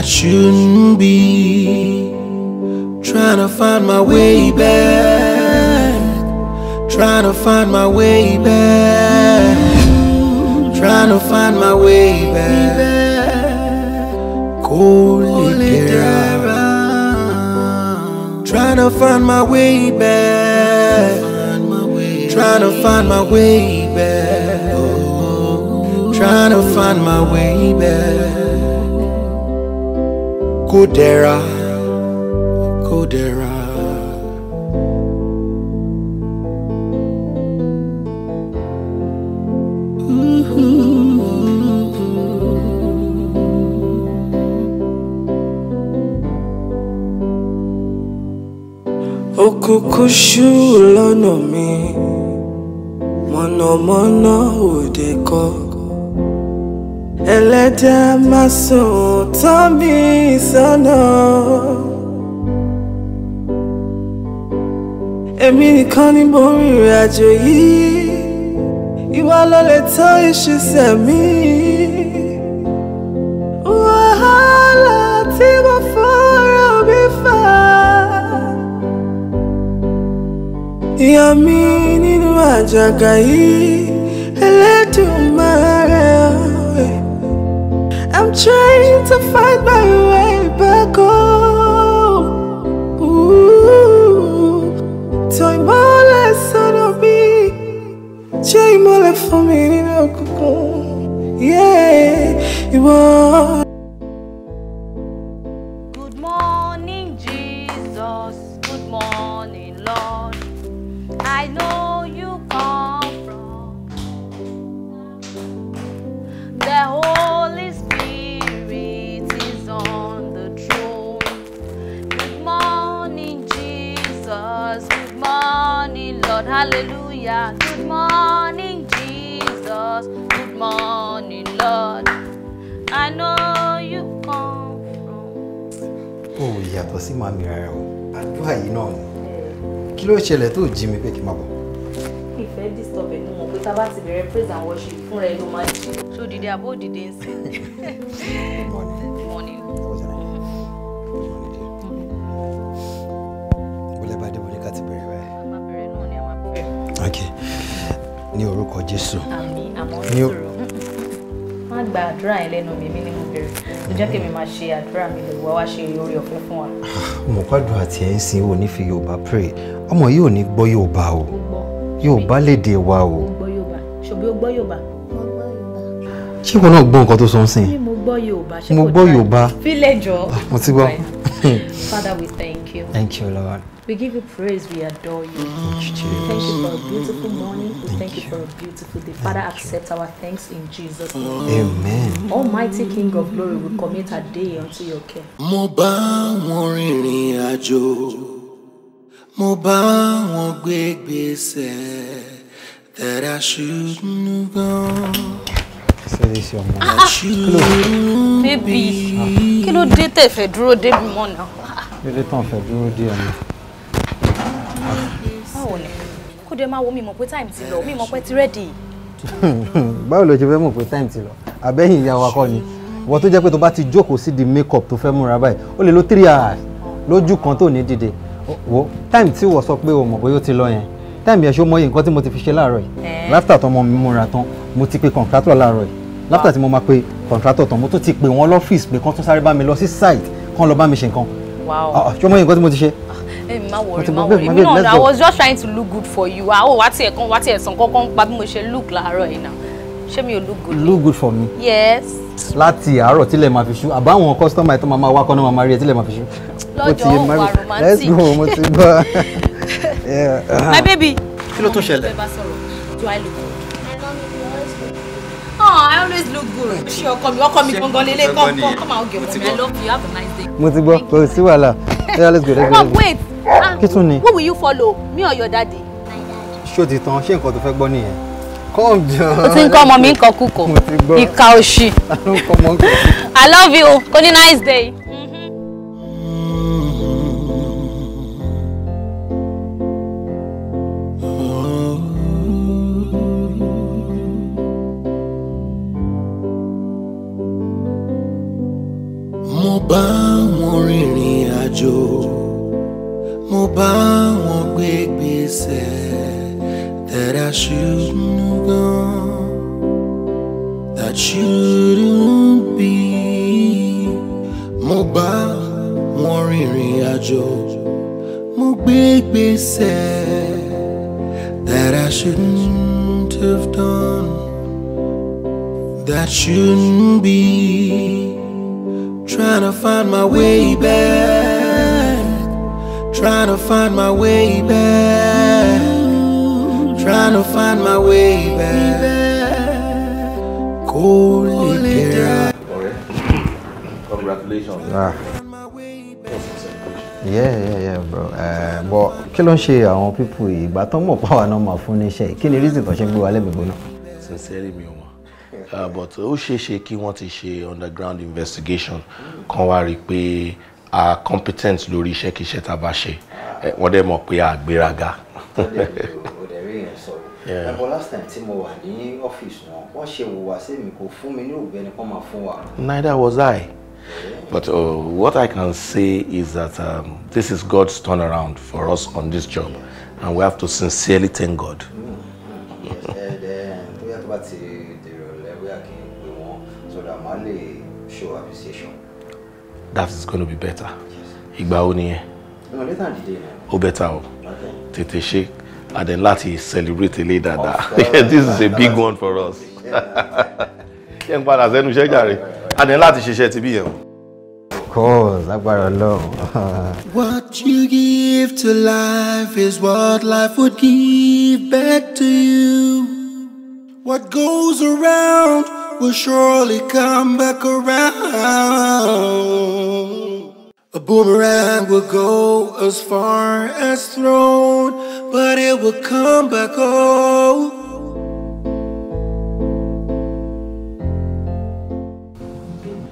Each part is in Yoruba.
that shouldn't be. Trying to find my way back. Trying to find my way back. Trying to find my way back. Colidera. Trying to find my way back. Trying to find my way back. Trying to find my way back. kó dẹ̀ra kó dẹ̀ra. Òkùnkùn ṣú lọ́nà mi mọ̀nàmọ́ná òde kọ́ ẹlẹ́dàá má Tambi sana Èmi nìkan ni mo rin ìrìn àjò yìí Ìwà ló lè tán ìṣiṣẹ́ mi Wàhálà tí mo fọ́ra mi fà Ìyá mi nínú àjàgà yìí Ẹlẹ́dùn I'm trying to find my way back home. Ooh, toy mole son of me, toy mole for me, yeah, you are. ṣẹlẹ̀ tó jí mi pé kí n má bọ̀. ìfẹ́ disturb ẹnu mọ̀ pé tá a bá ti bẹ̀rẹ̀ praise and worship fúnra ẹ ló máa ń ṣe. ṣó dìde àbó dìde ń sìn. morning. wọlé bá dé wọlé ká ti bẹ̀rẹ̀ báyìí. a máa bẹ̀rẹ̀ náà ni a máa bẹ̀rẹ̀. ní orúkọ Jésù. àmín àmọ́ sọ̀rọ̀ má gba àdúrà yẹn lẹ́nu mi mi ni mo bèrè ló jẹ́ kí máa ṣe àdúrà mi lè wá wá ṣe orí ọ̀fẹ́ fún wa. Ah, mo pàdùn àti ẹ̀ sin ò ní fi Yorùbá pray ọmọ yìí ò ní gbọ́ Yorùbá o Yorùbá lédè wa o. ṣé ìwọ náà gbọ́ nǹkan tó sọ ń sìn. mo gbọ́ Yorùbá ṣé kò dáa fílẹ̀ jọ. Ah, mo ti gbọ́. Father, we thank you. Thank you, Lord. We give you praise, we adore you. Thank you, for a beautiful morning. We thank, thank you. for a beautiful day. Father, accept our thanks in Jesus' name. Amen. Almighty King of glory, we commit our day unto your care. Mo bá wọn rìnrìn àjò, mo bá wọn gbé gbèsè that I shouldn't go. ṣẹlẹsẹ ọmọ rẹ. bébì kí ló dé tẹ́ fẹ́ dúró débi mọ́ náà. kí ló dé tán fẹ́ dúró dé máa wo mi mọ̀ pé time ti lọ mi mọ̀ pé ti rẹ́dì. báwo ló ṣe fẹ́ mọ̀ pé time ti lọ abẹ́yìn ìyá wa kọ́ ni wọ́n tó jẹ́ pé tó bá ti jókòó sí di make up tó fẹ́ múra báyìí ó lè lo three hours lójú kan tó ní dìde wo time tí wọ́n sọ pé o mọ̀ pé ó ti lọ yẹn time yẹn ṣó mọ iye nǹkan tí mo ti fi ṣe láàárọ̀ yìí láfítà tó mọ mi múra tán mo ti pe contractor láàárọ̀ yìí láfítà tí mo máa pe contractor tán mo tún ti pe wọn lọ́fíìsì pé kán tún sáré bá mi lọ sí site kán lọ bá mi ṣe nǹkan ah, ah, ṣó mọ iye nǹkan tí mo ti ṣe ẹ má wọrí má wọrí I was just trying to look good for you àwọn ah, oh, wá tiẹ̀ kan wá tiẹ̀ come, kankan pa bí mo look like yìí náà Show me you look good. look good for me. yes. láti àárọ̀ tílẹ̀ máa fi ṣú àbáwọn kọ́sítọ́mà ẹ̀ tó máa wá kọ́nà máa rí ẹ tílẹ̀ máa fi ṣú. lọ́jọ́ wà romantic. let's go mo ti gbọ́. Uh-huh. my baby. kí ló tún ṣẹlẹ̀. do I look good. Oh, I always look good. Ṣé ọkọ mi ọkọ mi gangan lele kọ́ kọ́ kọ́ máa gẹ̀ ọkọ mi. I love you. Have a nice day. Mo ti gbọ́, kò sí wàhálà. Yeah, let's go. Let's go. Wait. Ah, kí tún ni. who will you follow me or your daddy. ṣó ti tán ṣé nǹkan tó fẹ́ gbọ́ nìyẹn. come jọ. o ti ń kọ́ ọmọ mi nǹkan kúkọ ìka òṣì. i love you kò ní nice day. Mm-hmm. bá wọn rìnrìn àjò. bá wọn gbé gbèsè that I shouldn't have gone, that shouldn't be. Mo bá wọn rìnrìn àjò, mo gbé gbèsè that I shouldn't have done, that shouldn't be. Trying to find my way back. Trying to find my way back. Trying to find my way back. Cold girl. Congratulations. Ah. Yeah, yeah, yeah, bro. Uh, but kí ló ń ṣe àwọn pípù ìgbà tó mọ̀ pàwọn náà máa fún reason tó ṣe ń gbé wa sincerely mi ò ah, but ó ṣeé ṣe kí wọ́n ti ṣe underground investigation Kwa wá rí a competent lórí iṣẹ́ kí iṣẹ́ tá bá ṣe wọ́n dẹ̀ mọ̀ pé a gbéraga. ẹ̀bọ̀ last time tí mo wà ní ọ́fíìsì wọn wọ́n ṣe wùwà sí kò fún mi ní òbẹ́ ni kò máa fún wa. neither was I but uh, what I can say is that um, this is God's turnaround for us on this job and we have to sincerely thank God. Mm, mm, yes, uh, that is going to be better ìgbà wo nìyẹn. ó bẹ́tà o tètè ṣe and then láti celebrate ilé dáadáa this is a big one for us ṣé n padà sẹ́nu and then láti ṣiṣẹ́ ti bí yẹn o. of course what you give to life is what life would give back to you what goes around. will surely come back around. A boomerang will go as far as thrown, but it will come back home. Oh.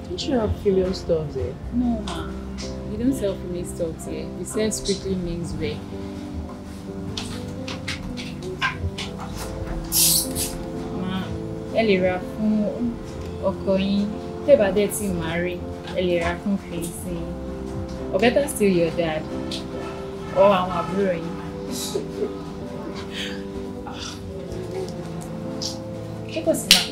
Don't you have female stores here? No, ma. We don't sell female stores here. We sell strictly men's wear. ẹ lè ra fún ọkọ yín tẹ́bà dẹ̀ tí màá rí ẹ lè ra fún fèrèsé yín or better still your dad or àwọn àbúrò yín. Kíkọ̀ sí náà.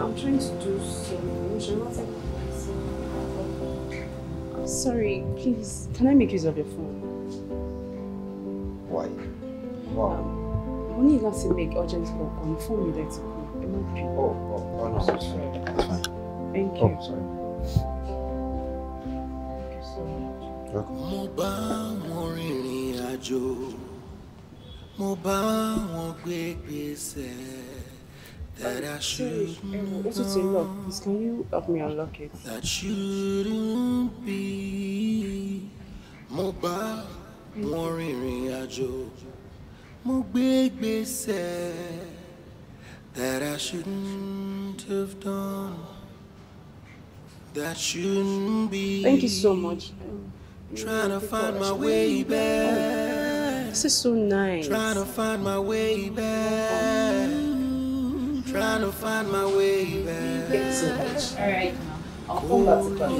I'm trying to do something. I'm Sorry, please, can I make use of your phone? Why? Wow. Um, mo ní láti make urgent call kan fún mi láti kú oh oh oh no Sorry. fine it's fine thank oh, you. Oh, sorry. mo bá wọn rìnrìn àjò mo bá wọn gbé gbèsè that I should um, also to lock please can you help me unlock it that shouldn't be mo bá wọn rìnrìn àjò. mo that I shouldn't have done. That shouldn't be. Thank you so much. Trying to find my way back. This is so nice. Trying to find my way back. Trying to find my way back. Thank you so much. All right. I'll come back to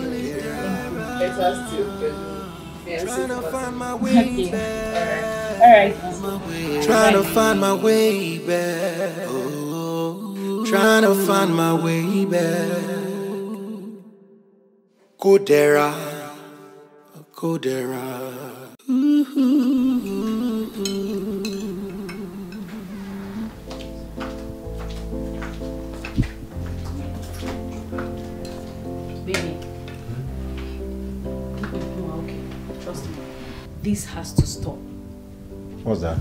Let us do Trying to find my way back. All right. Trying to find my way back. trying to find my way back. Kodera. Kodera. Hmm? This has to stop. What's that?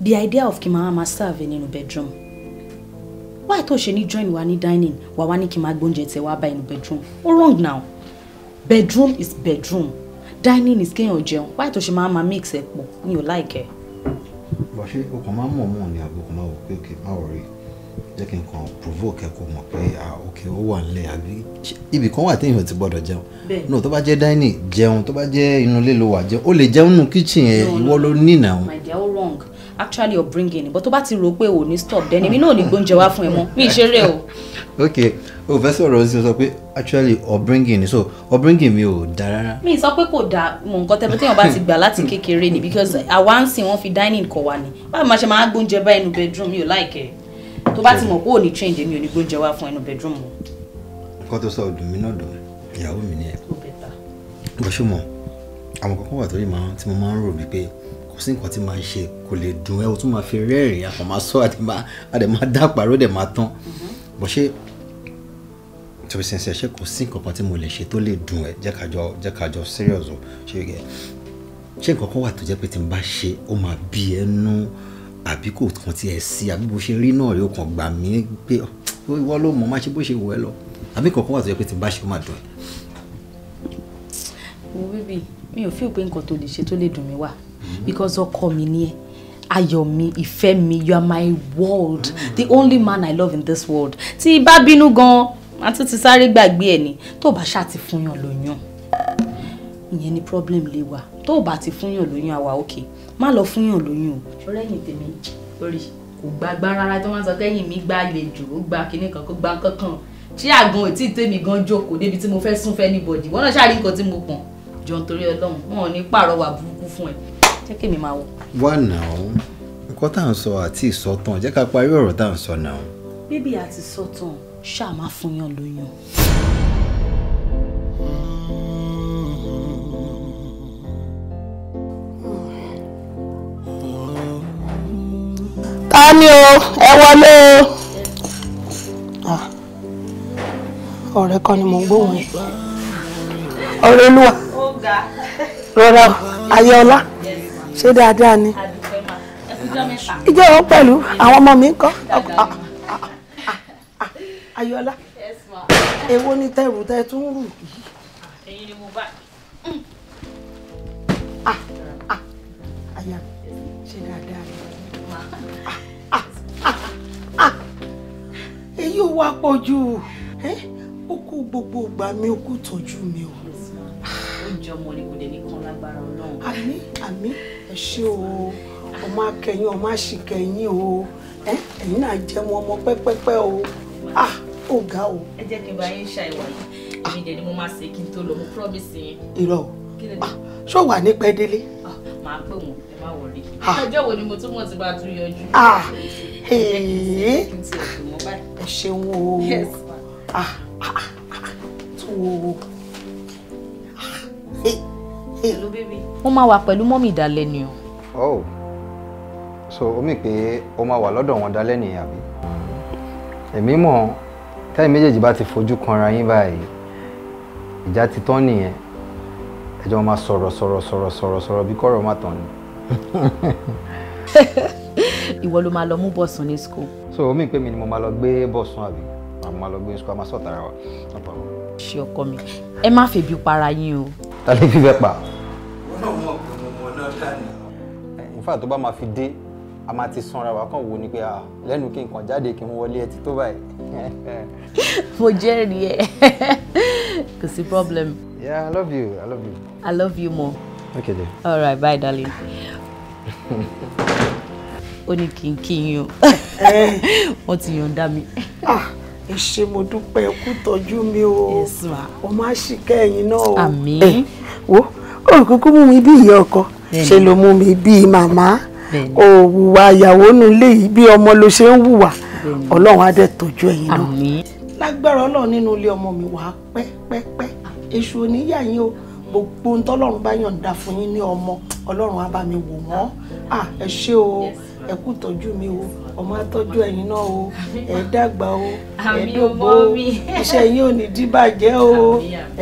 The idea of Kimama màá máa serve nínú bedroom. Why thought she need join wa ní dining wà wá ní kí màá gbóúnjẹ tẹ wá bedroom? Ó wrong now. Bedroom is bedroom. Dining is kéèyàn jẹun. Why tó ṣe máa mix it? You like it? Bàṣẹ́ o kàn máa ń mọ̀ mọ́ ni àbúkù jẹ́ kí n kàn provoke ẹ mọ̀ pé ok ó wà nílé àbí ibì kan wà tí èèyàn ti gbọ́dọ̀ jẹun no tó bá jẹ́ dining jẹun tó bá jẹ́ inú ilé wà jẹun ó lè jẹun nù kitchen ẹ ìwọ ló ní ìnáwó. my dear all wrong actually your bringing but tó bá ti rò pé ò ní stop then èmi náà ò ní gbóúnjẹ wá fún ẹ mọ́ mi ìṣeré o. ok o fẹ́ sọ̀rọ̀ sí o sọ pé actually upbringing so upbringing mi ò da rárá. mi sọ pé kò da mọ nǹkan tẹ́lẹ̀ téèyàn bá ti gbà láti kékeré ni because àwa ń sìn wọ́n fi dining kọ̀ wá ni báwo ma ṣe máa gbóúnjẹ bá inú bedroom mi ò láìkẹ́ tó bá ti mọ̀ kó o ní change èmi ò ní gbóúnjẹ wá fún ẹnu bedroom o. nǹkan tó sọ ọdún mi náà dùn ìyàwó mi nìyẹn bó ṣe mọ àwọn kankan wà torí màá tí mo máa ń rò bíi pé kò sí nǹkan tí màá ṣe kò lè dùn ẹ o tún máa fi rẹ́rìn-ín àpò máa sọ àdè máa dá pàrọ̀ dẹ̀ máa tán bó ṣe tòbí sẹ́nsẹ́ ṣé kò sí nǹkan kan tí mo lè ṣe tó lè dùn ẹ jẹ́ kájọ jẹ́ kájọ serious o ṣe é ṣé nǹkan kan wà tó jẹ́ pé tí n bá ṣe ó máa bí ẹnu àbí kò kàn tiẹ̀ sí àbí bó ṣe rí náà yóò kàn gbà mí pé ìwọ ló mọ̀ máa ṣe bó ṣe wọ̀ ẹ́ lọ àbí kọ̀ọ̀kan wà tó yẹ pé ti bá ṣe ó máa dùn ẹ́. wo bíbí mi ò feel pé nǹkan tó lè ṣe tó lè dùn mí wá mm-hmm. because ọkọ mi ni ẹ ayọ̀ mi ìfẹ́ mi you are my world mm-hmm. the only man I love in this world tí bá bínú gan-an àti ti sáré gbàgbé ẹ̀ ni tó bá ṣáà ti fún yàn lóyún ìyẹn ni problem lè wà tó bá ti fún yàn lóyún àwa òkè. Okay má lọ fún yàn lóyún o. ọ̀rẹ́yìn tèmi orí kò gba agbára rárá tó máa sọ kẹ́yìn mi gba àlejò ó gba kinní kan kó gba kankan tí àgbọn ò tí ì tèmi gan jókòó débi tí mo fẹ́ sún fẹ́ níbọ̀dì wọ́n náà ṣáà rí nǹkan tí mo pọ̀n jọ nítorí ọlọ́run wọn ò ní pàrọwà burúkú fún ẹ jẹ́ kí èmi máa wọ̀. wá náà nǹkan tá à ń sọ àti ìsọtàn jẹ́ ká parí ọ̀rọ̀ tá à ń sọ náà. bébí àti sọtàn ṣáà máa fún yàn lóyún. a ní o ẹ wọlé o ah. ọ̀rẹ́ kan ni mò ń gbóhùn yìí ọ̀rẹ́ olúwa rọra ayé ọlá ṣé dáadáa ni ìjọ wọn pẹ̀lú àwọn ọmọ mi ń kọ́ ah, ah, ayé ọlá ni tẹrù tẹ tún rù yìí. yìí ó wá pọ̀ jù ó kó gbogbo ìgbà mi ó kó tọ́jú mi o. ó jẹ́ ọmọ ẹ ṣé o ọmọ akẹyìn ọmọ àṣìkẹyìn o ẹ̀yin náà jẹ́ wọn ọmọ pẹ́pẹ́pẹ́ o ah ó ga o. ẹ jẹ́ kí n bá yín ṣa ìwà yìí èmi dẹ̀ ni mo máa ṣe kí n tó lọ mo promise yín. irọ́ o ṣó wà ní pẹ́ délé. màá pè wọ́n ẹ má wọlé. ọjọ́ wo ni mo túmọ̀ sí bá tún yọjú ẹ ṣeun o ah, ah, ah, tó o. mo máa wà pẹ̀lú mọ́mì ìdálẹ́ ni o. oh so omi pe o máa wà lọ́dọ̀ wọn dálẹ́ nìyẹn àbí èmi mọ̀ táyì méjèèjì bá ti fojú kanra yín báyìí ìjà ti tán nìyẹn ẹjọ́ máa sọ̀rọ̀ sọ̀rọ̀ sọ̀rọ̀ sọ̀rọ̀ sọ̀rọ̀ bí kọ́rọ̀ má tán ni. ìwọ ló máa lọ mú bọ̀sùn ní school. so omi pé mi ni mo máa lọ gbé bọ̀sùn àbí màá máa lọ gbé school a máa sọ tara wa no problem. ṣé ọkọ mi ẹ má fèbi para yín o. ta ló fi fẹ́ pa. ìfà tó bá máa fi dé a máa ti sanra wa kàn wò ni pé lẹ́nu kí nǹkan jáde kí n wọlé ẹ ti tó báyìí. mo jẹ́rìí ẹ kò sí problem. yeah i love you i love you. i love you more. okay then. all right bye darling. ó ní kí n kí yín o wọ́n ti yọ̀ǹda mi. Ah, ẹ ṣé mo dúpẹ́ kú tọ́jú mi o o máa ṣì kẹ́yìn náà o. àmín. Eh, wo olùkúkú mú mi bí ìyá ọkọ ṣe ló mú mi bí màmá òwúwa ìyàwó nulẹ̀ yìí bí ọmọ ló ṣe ń wùwà ọlọ́run á dẹ̀ tọ́jú ẹ̀yin náà. lágbára ọlọ́run nínú ilé ọmọ mi wà á pẹ́ pẹ́ pẹ́ èṣù oníyà yín o gbogbo ohun tọ́lọ́run bá yàn dá fún yín ní ọmọ ọlọ́run á bá mi wò wọ́n ah, ẹ ṣé o. Yes ẹ kú tọ́jú mi o ọmọ atọ́jú ẹ̀yin náà o ẹ dàgbà o ẹ dògbò o iṣẹ́ yín ò ní dí bàjẹ́ o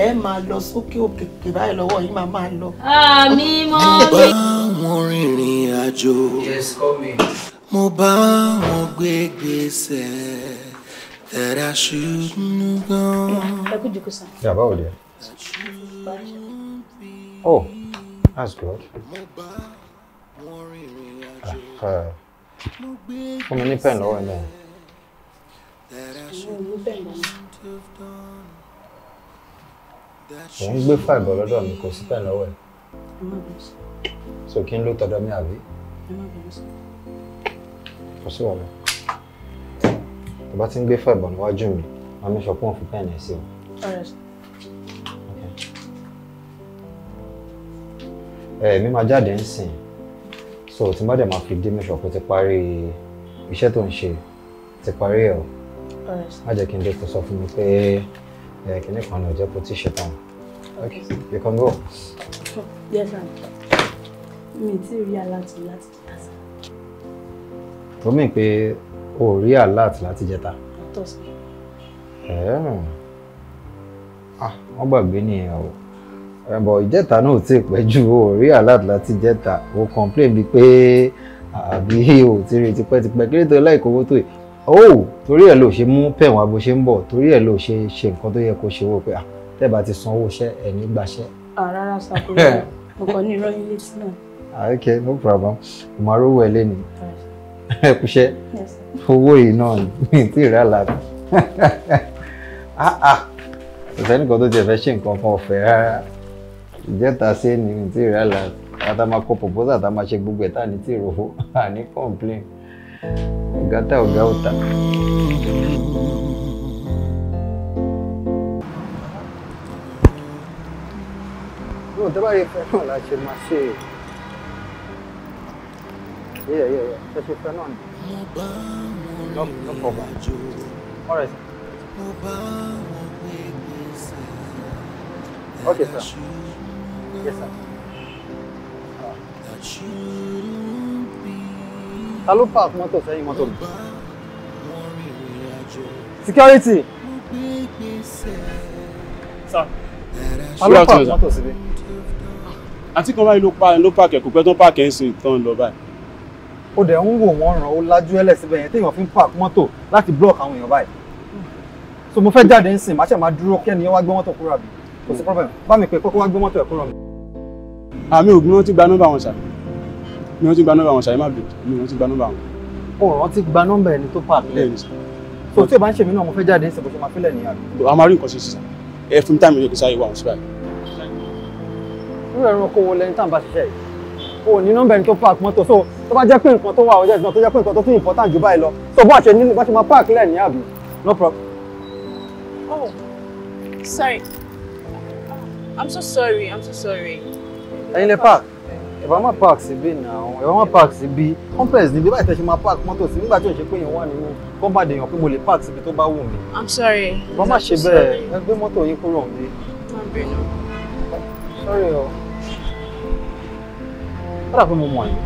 ẹ máa lọ sókè òkèkè báyìí lọ́wọ́ yín máa máa lọ. àmì mo bí. mo bá wọn rìnrìn àjò mo bá wọn gbé gbèsè that I shouldn't go. ẹ kú jùkú sàn. yàrá báwo lè. oh that's good. Ah, ah. fún mi ní pẹ̀lú lọ́wọ́ ẹ̀ mo ń gbé fàìbọ̀ lọ́dọ̀ mi kò sí pẹ̀lú lọ́wọ́ ẹ̀ so kí n ló tọ́dọ̀ mi àbí kò sí wọ̀n mi tó bá ti ń gbé fàìbọ̀ níwájú mi máa mi sọ pé òun fi pẹ́ẹ̀nì ẹ̀ sí o. ẹ̀ẹ́mí máa jáde ń sìn so tí má dẹ̀ máa fi dé mẹ́sàn kó ti parí iṣẹ́ tó ń ṣe ti parí ẹ̀ o má jẹ́ kí n dé kó sọ fún mi pé kìnìún kan náà jẹ́ kó ti ṣe tán okay you can go. yes sir mi ti rí aláàtì láti jẹta sá. pé o rí aláàtì láti jẹta. ọ̀tọ̀ sí. ẹ̀ẹ́n ah wọ́n gbàgbé nìyẹn o ẹ̀bọ̀ ìjẹta náà ti pẹ́ jù rí alert láti jẹta ó complain bíi pé àbí o ti rí tipẹ́tipẹ́ kí ló tó láì kówó tó yìí ó torí ẹ̀ ló ṣe mú pẹ̀wọ̀n abo ṣe ń bọ̀ torí ẹ̀ ló ṣe ṣe nǹkan tó yẹ kó ṣe wò pé à tẹ́ bá ti sanwó iṣẹ́ ẹ̀ ní gbaṣẹ́. rárá sàkóso mo ní ìrọ́yìn létí náà. ok no problem mo máa rówó ẹ lẹ́nu ẹ kúṣẹ́ owó yìí náà ní tí ìrẹ́ àlàbí ah ah kò sẹ́nìkan tó tiẹ̀ fẹ́ ṣe nǹkan kan ọ̀fẹ́ rárá ìjẹta sí ni tí ìrẹ́ àlà àtà máa kọ pòpósà àtà máa ṣe gbogbo ẹ̀ tá ní tí ìròfó àní complain ọ̀gá tá ọ̀gá ọ̀tà. náà tó bá rí fẹ́ náà la ṣe máa ṣe yẹ yẹ yẹ ṣe ṣe fẹ́ náà ni no no problem all right. Okay, sir. Yes, sir. park motor, say motor Security. Sir. Ta ló park motor, síbi? I think báyìí ló pa park ẹ̀ kò pẹ́ tó park ẹ̀ ń sin ìtàn lọ báyìí. Ó dẹ̀ ń wò wọ́n ràn ó lájú ẹlẹ̀ síbẹ̀ yẹn téèyàn fi ń park mọ́tò láti block àwọn èèyàn báyìí. So my friend, jáde ń sìn, màá ṣe máa dúró kí ẹnìyàn wá gbé mọ́tò kúrò àbí. Kò sí problem. Bá mi pè kókó to gbé mọ́tò àmì ògùn wọn ti gba nọ́mbà wọn ṣá mi wọn ti gba nọ́mbà wọn ṣá ẹ má bìrì mi wọn ti gba nọ́mbà wọn. ọ̀rọ̀ ti gba nọ́mbà ẹni tó pàdé. bẹ́ẹ̀ ni sà. so tí o bá ń ṣe mí náà mo fẹ́ jáde ṣe bó ṣe máa fẹ́lẹ̀ ní àná. a máa rí nǹkan ṣe sísà ẹ fún táìmù yóò kí sáyé wà wọn síbáyìí. irú ẹ̀rọ kò wọlé ní tàǹbà ṣiṣẹ́ yìí o ní nọ́mbà ẹni tó park mọ́tò so tó bá jẹ́ pé nǹkan tó wà ọjọ́ ìgbọ̀n important jù báyìí so bó àṣẹ nílé bá ṣe park lẹ̀ no problem. oh sorry oh, i'm so sorry i'm so sorry ẹ̀yin lè park ẹ bá má park síbí náà ẹ bá má park síbí complex níbi báyìí tẹ̀sí máa park mọ́tò sí nígbà tí ò ṣe pé èèyàn wà nínú compound èèyàn pé mo lè park síbi tó bá wù mí. i'm sorry. ẹ bá má ṣe bẹ́ẹ̀ ẹ gbé mọ́tò yín kúrò ń bí. sorry o. ó dà pé mo mọ̀ yín.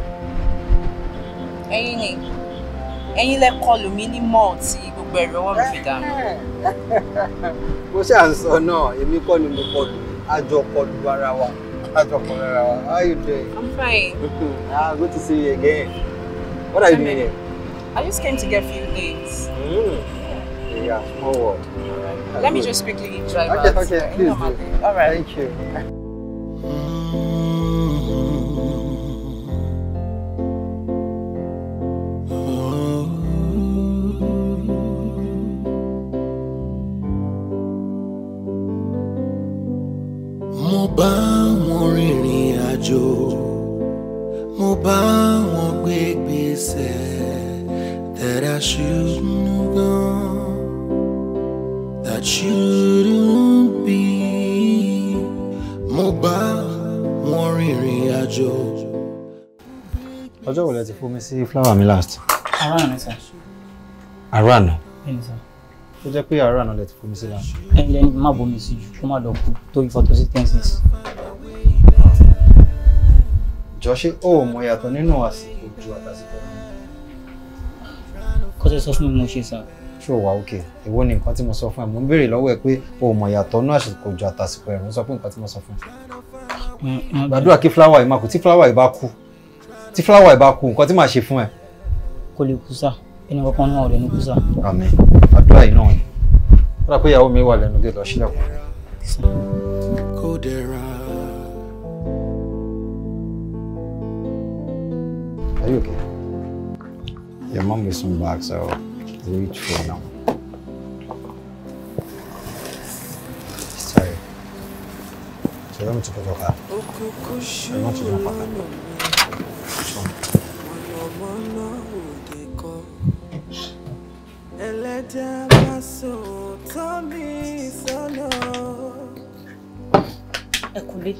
ẹ̀yin ni ẹ̀yin lẹ kọlù mí ní mall tí gbogbo ẹ̀rọ wọn fi dànù. mo ṣàǹsọ náà èmi kọ́ ni mo kọlù àjọ kọlù ara wa. How are you doing? I'm fine. ah, good to see you again. What are you doing here? I just came to get a few things. Mm. Yeah, Let good. me just quickly drive okay, out. Okay, okay, please do. All right. Thank you. fomi sí flower mi last. àárọ̀ àná sir. àárọ̀ àná. bẹ́ẹ̀ni sir. ó jẹ́ pé àárọ̀ àná lẹ ti fomi sí last. ẹni lẹni má bomi sí ju kó má lọ kú torí photosynthesis. jọ ṣé ó mọ ìyàtọ̀ nínú àsìkò ju àtàsìkò kọ́sẹ̀ sọ fún mi mo ṣe sir ṣó wa òkè èwo ni nǹkan tí mo sọ fún ẹ mo ń béèrè lọ́wọ́ ẹ pé o mọ̀ ìyàtọ̀ náà àsìkò ju àtàsìkò ẹ̀rùn sọ pé nǹkan tí mo sọ fún ẹ. Mm, mm. gbàdúrà kí fúláwà yìí máa kú tí fúláwà yìí bá kú tí fúláwà ìbá kú nǹkan tí màá ṣe fún ẹ. kò lè kú sá ẹni kankan náà rẹ ní kú sá. àmín àdúrà yìí náà ni ó dà pé ìyàwó mi wà lẹ́nu gé lọ sílẹ̀kùn. kò dẹ̀ra. Are you okay? Your mom is soon back, so reach for now. Sorry. So let me take a look at. I want to jump up sọ. mọ̀nàmọ́ná òde kan ẹlẹ́dà bá sòótọ́ mi sọ́nà. ẹ kúlé.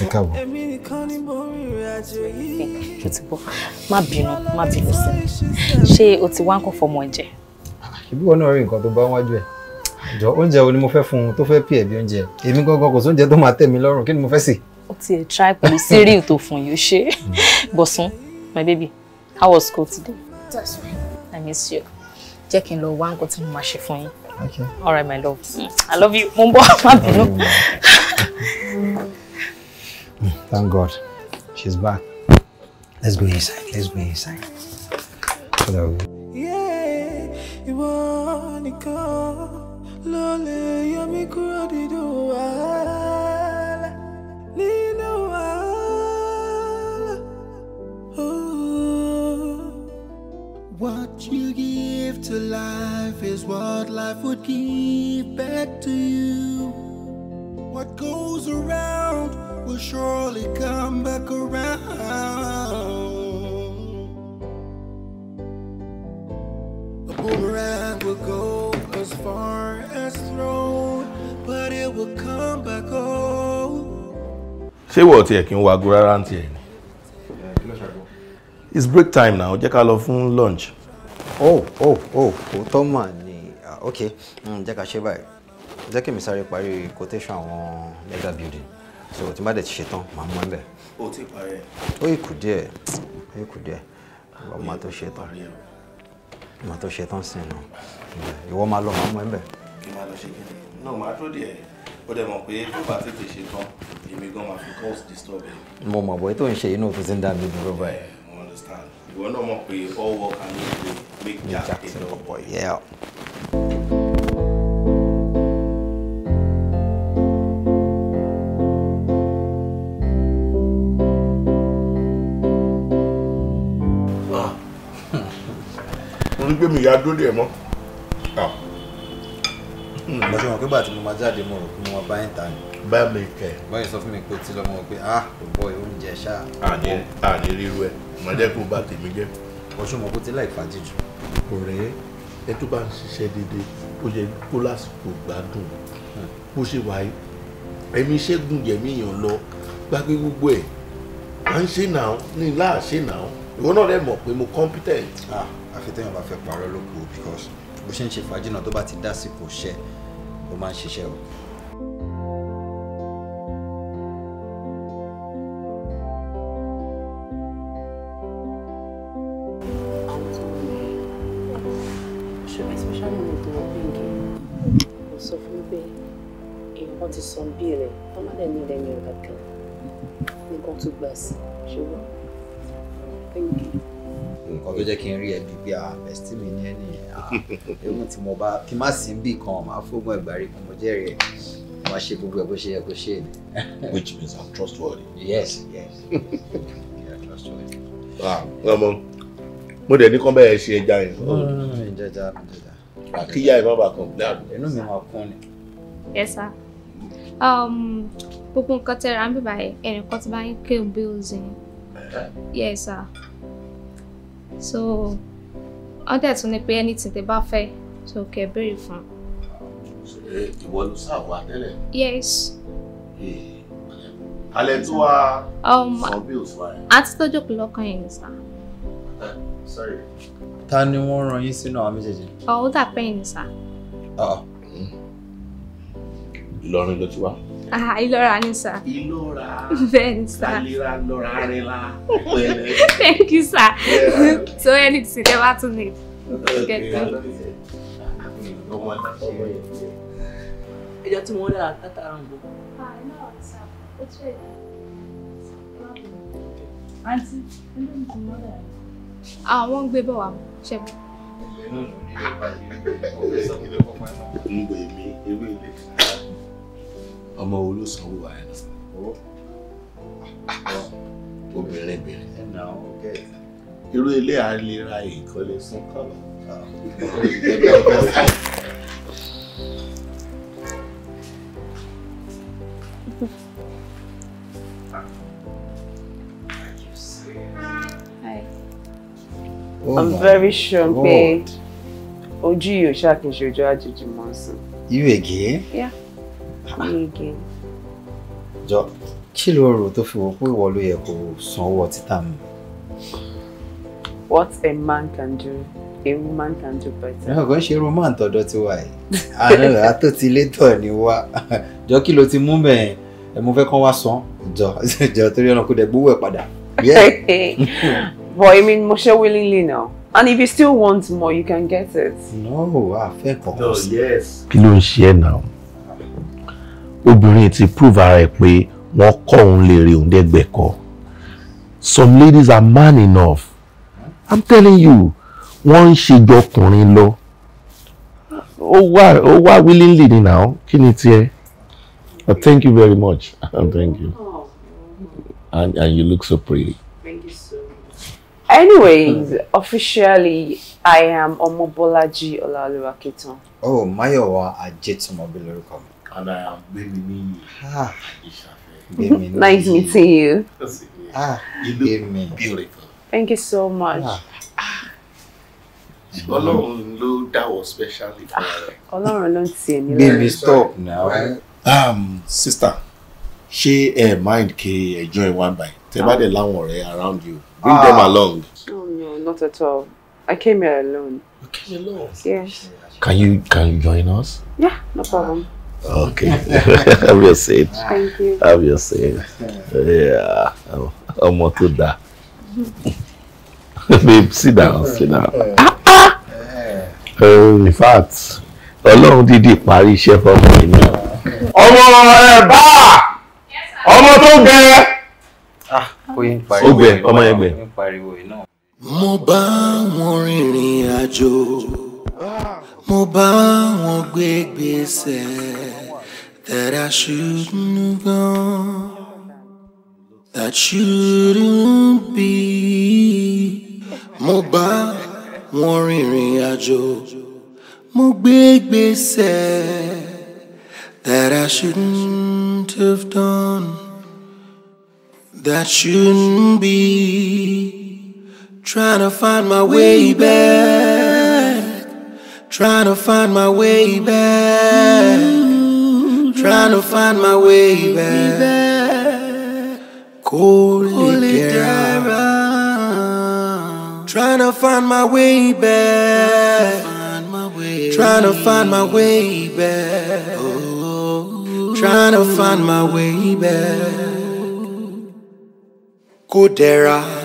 ẹ káàbọ̀. èmi nìkan ni mo rìn ìrìn àjò yìí. ṣe ti bọ́ má bínú má bínú sí i ṣé o ti wá ń kàn fọmọ ẹ jẹ. ṣebí wọn náà rí nǹkan tó bá wájú ẹ jọ oúnjẹ wo ni mo fẹ́ fún un tó fẹ́ pì ẹ̀ bí oúnjẹ èmi gangan kò sóúnjẹ tó máa tẹ̀ mí lọ́rùn kí ni mo fẹ́ sè ó ti try pẹ̀lú cereal tó fún yìí ó ṣe bọ̀sùn my baby how was school today. that's fine. i miss you jẹ́ kí n lọ wá nǹkan tí mo máa ṣe fún yín. okay all right my love i love you mo ń bọ̀ má bínú. thank god she's back let's go inside let's go inside. Hello. Yeah, you want to go, lolly, yummy, crowded, oh, Nina Wala. Oh. What you give to life is what life would give back to you. What goes around will surely come back around. A boomerang will go as far as thrown, but it will come back home. ṣé ìwọ tiẹ̀ kí n wago rárá ń tiẹ̀ ni. it's break time now jẹ́ ká lọ fún lunch. oh oh oh òótọ́ mà ni ah, ok hmm, jẹ́ ká ṣe báyìí jẹ́ kí mi sáré parí quotation àwọn mega building so tí n bá dẹ̀ ti ṣetán màá mú ẹ bẹ́ẹ̀. o ti parí ẹ. ó yìí kù díẹ̀ ó yìí kù díẹ̀ ọmọ tó ṣetán ọmọ tó ṣetán sí i nù ìwọ máa lọ màá mú ẹ bẹ́ẹ̀. kí n máa lọ ṣe kí ni náà màá tó díẹ̀ ó dẹ̀ mọ̀ pé tó bá tètè ṣe tán èmi gan máa fi cause disturb mo mọ̀ bọ́ ètò ìṣe inú òfin ti ń dá mi dúró báyìí. mo understand ìwọ náà mọ̀ pé all work and no play make Jack a dull boy. Yeah. orí gbẹ̀mí ìyá dúró dé mọ́. Ah. Hmm. mo ti mọ̀ pé gbàtí mo máa jáde mo rò pé mo máa bá yín ta ni. bá mi kẹ. báyìí sọ fún mi pé tí lọ́mọ pé ah kò bọ́ oúnjẹ ṣá. àní àní ríru ẹ màá jẹ́ kó bá tèmi jẹ́. ọ̀ṣun mọ̀ kó ti láì fàájì jù. ọ̀rẹ́ ẹ tó bá ń ṣiṣẹ́ déédéé ó yẹ kó lásìkò gbádùn hmm. bó ṣe wáyé ẹ̀mí iṣẹ́ gùn jẹ̀mí èèyàn lọ gbàgbé gbogbo ẹ̀ à ń ṣe náà ní láà ṣe náà ìwọ náà rẹ mọ̀ pé mo competent. ah àfi tẹ́yìn bá fẹ́ parọ́ lóko because bó ṣe ń ṣe fàájì náà tó bá ti dásìkò ṣẹ ó máa ń ṣiṣẹ́ o. ti san bí rẹ̀ tó má dẹ̀ ní ilẹ̀ ní ọ̀gá kan nǹkan tó gbà sí ṣùgbọ́n thank you nǹkan tó jẹ́ kí n rí ẹbí bí àbẹ̀sí ah, mi ní ẹni ẹ̀hún ah, tí mo bá kí n má sí bí kan máa fógun ẹgbàrí kan mo jẹ́rìí ẹ̀ máa ṣe gbogbo ẹ̀ bó ṣe yẹ kó ṣe ni. which means i'm trustworthy. yes yes you are trustworthy. ọmọ ah, mo dẹ̀ ní kán bẹ́ẹ̀ ṣe ẹja yẹn. jẹja jẹja. àkíyà ẹ̀ má bàa kàn bí àdùn. inú mi máa kún ni. yes sir. Um, gbogbo nǹkan tẹ̀ra ń bíbá ẹ̀ ẹnìkan ti bá yín kéwòn bí ó ṣe. yes sir so wọ́n dẹ̀ tún ní pé anything tẹ́ bá fẹ́ so kẹ́ béèrè fún. ìwọ ló ṣàwà tẹ́lẹ̀. yes. alẹ́ tí wàá sọ bí òṣù wa yẹn. àti tọ́jú kò lọ́kàn yẹn sá. sorry. ta ni wọ́n rán yín sínú àwọn méjèèjì. ọ̀ oh, ó dà pẹ́yìn sá. Ah, ah. Ìlọrin ló ti wá ìlọ́ra ni sà. ìlọ́ra bẹ́ẹ̀ni sà. àlera lọ́ra rẹ thank you sir yeah. so anything ẹ wá tún ní. ẹjọ́ tí wọ́n dára látara ń bọ̀. àǹtí ẹgbẹ́ mi kò mọ́ dára. àwọn ń gbé bọ̀ wá ṣẹ́gun ìyẹn náà ló ní ìpàdé ọ̀gbẹ́sọ̀kìlẹ̀ pọ̀pọ̀ náà ń gbé mi ewé ilé ọmọ wo ló sanwó wa ẹ̀ náà oh. obìnrin bìnrin irú ilé àlera ìkọlẹ̀ fún kọ́lọ̀. Oh I'm very sure pé ojú yìí ò ṣàkíyèsí ojú àjèjì mọ́ sí. You again? Yeah. Ah. jọ kí ló rò tó fi wò pé ìwọ ló yẹ kó sanwó títà mi. what a man can do a woman can do better. ẹ kò ṣe roman tọ̀dọ̀ ti wà yìí àná àtò ti létọ ni wá jọ kí ló ti mú bẹ́ẹ̀ ẹ mo fẹ́ kán wá san jọ jọ torí ọ̀nà kó dẹ̀ gbowó ẹ̀ padà. but I mean mo ṣe willingly now. And if you still want more, you can get it. No, I fẹ́ kọ̀ọ̀kan sí. yes. Kí ló ń ṣe ẹ̀ náà? obìnrin ti prove ara ẹ̀ pé wọ́n kọ́ òun lè rí òun dẹ́gbẹ̀kọ́ some ladies are man enough i'm telling you wọ́n ń ṣe jọ ọkùnrin lọ ó wá ó wá willingly ni now kí ni tiẹ̀ oh, thank you very much thank you and, and you look so pretty. thank you so anyways officially i am Omobolaji Olalewa Ketan. oh Mayowa Ajetumobi lórúkọ mi. And I am Gbeminiyi ah. Aishafe. Nice meeting you. Ah, you look beautiful. Thank you so much. Ah. Ah. Ọlọ́run ló dáwọ́ specially for ah, ẹ. Ọlọ́run ló ń tiẹ̀ ní lọ́wọ́. Baby stop now. Um, sister, ṣé ẹ mind kí ẹ join one by? Tẹ bá dẹ̀ láwọn ọ̀rẹ́ around you. Bring them ah. along. No, no, not at all. I came here alone. You came alone? Yes. Can you, can you join us? Yeah, no problem. Ah. Okay. Have your seat. Thank you. Have your seat. Yeah. Ọmọ tó dáa. Babe, sit down, sit down. Ah, ah. In fact, Ọlọ́run dídì parí iṣẹ́ of me. náà. Ọmọ ẹ̀ bá ọmọ tó Ah, Ó gbẹ, ọmọ yẹn gbẹ. Mo bá wọn rìnrìn àjò. Ah. mo bá wọn gbé gbèsè that I shouldn't have gone, that shouldn't be. Mo bá wọn rìnrìn àjò, mo gbé gbèsè that I shouldn't have done, that shouldn't be. Trying to find my way back. Trying to find my way back. Trying to find my way back. Kolidera. Trying to find my way back. Trying to find my way back. Trying to find my way back. Kodera.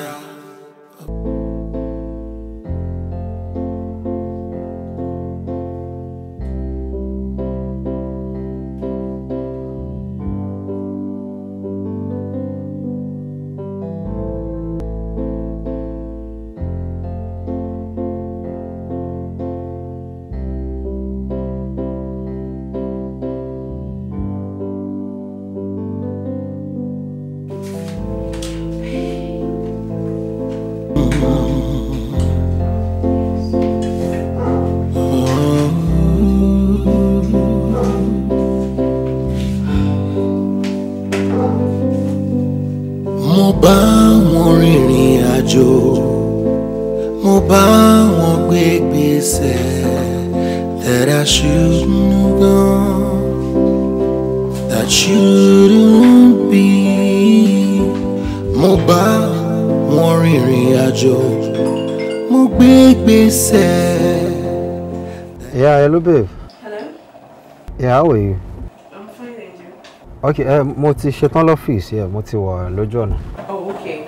ok ẹ eh, mo ti ṣetán lọ́fíìsì ẹ eh, mo ti wà lójú ọ̀nà. oh okay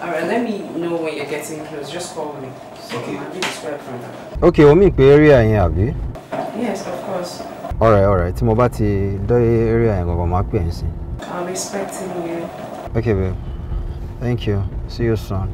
all right let me know when you're getting close just call me so okay. i'll give you square from that. ok omi pé area yẹn àbí. yes of course. all right all right tí mo bá ti dé area yẹn gbọ̀ngàn máa pè é sí. i'm expecting you. okay babe thank you see you soon.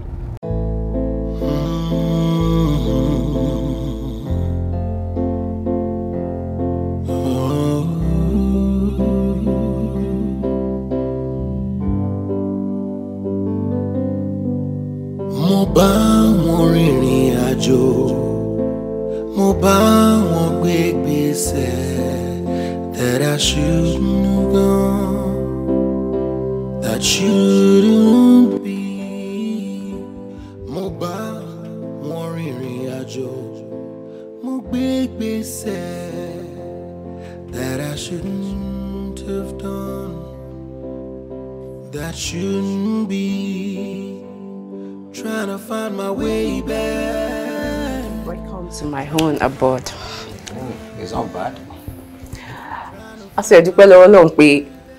a sì ẹ̀dúpẹ́ lọ́wọ́ lọ́hùn pé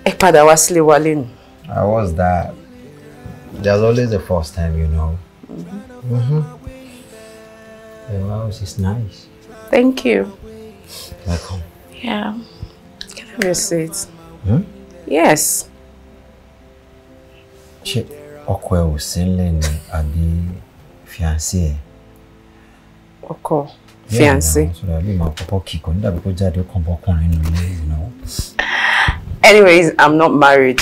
ẹ padà wá sílé wa lẹ́nu. I ah, was that there's always the first time you know. Mm-hmm. Mm-hmm. Your house is nice. Thank you. Welcome. Yeah. Can I have your seat? Hmm? Yes. Ṣé ọkọ ẹ ò sílẹ̀ ni àbí fiancé ẹ? Ọkọ. Okay fiancé. Anyways, I'm not married.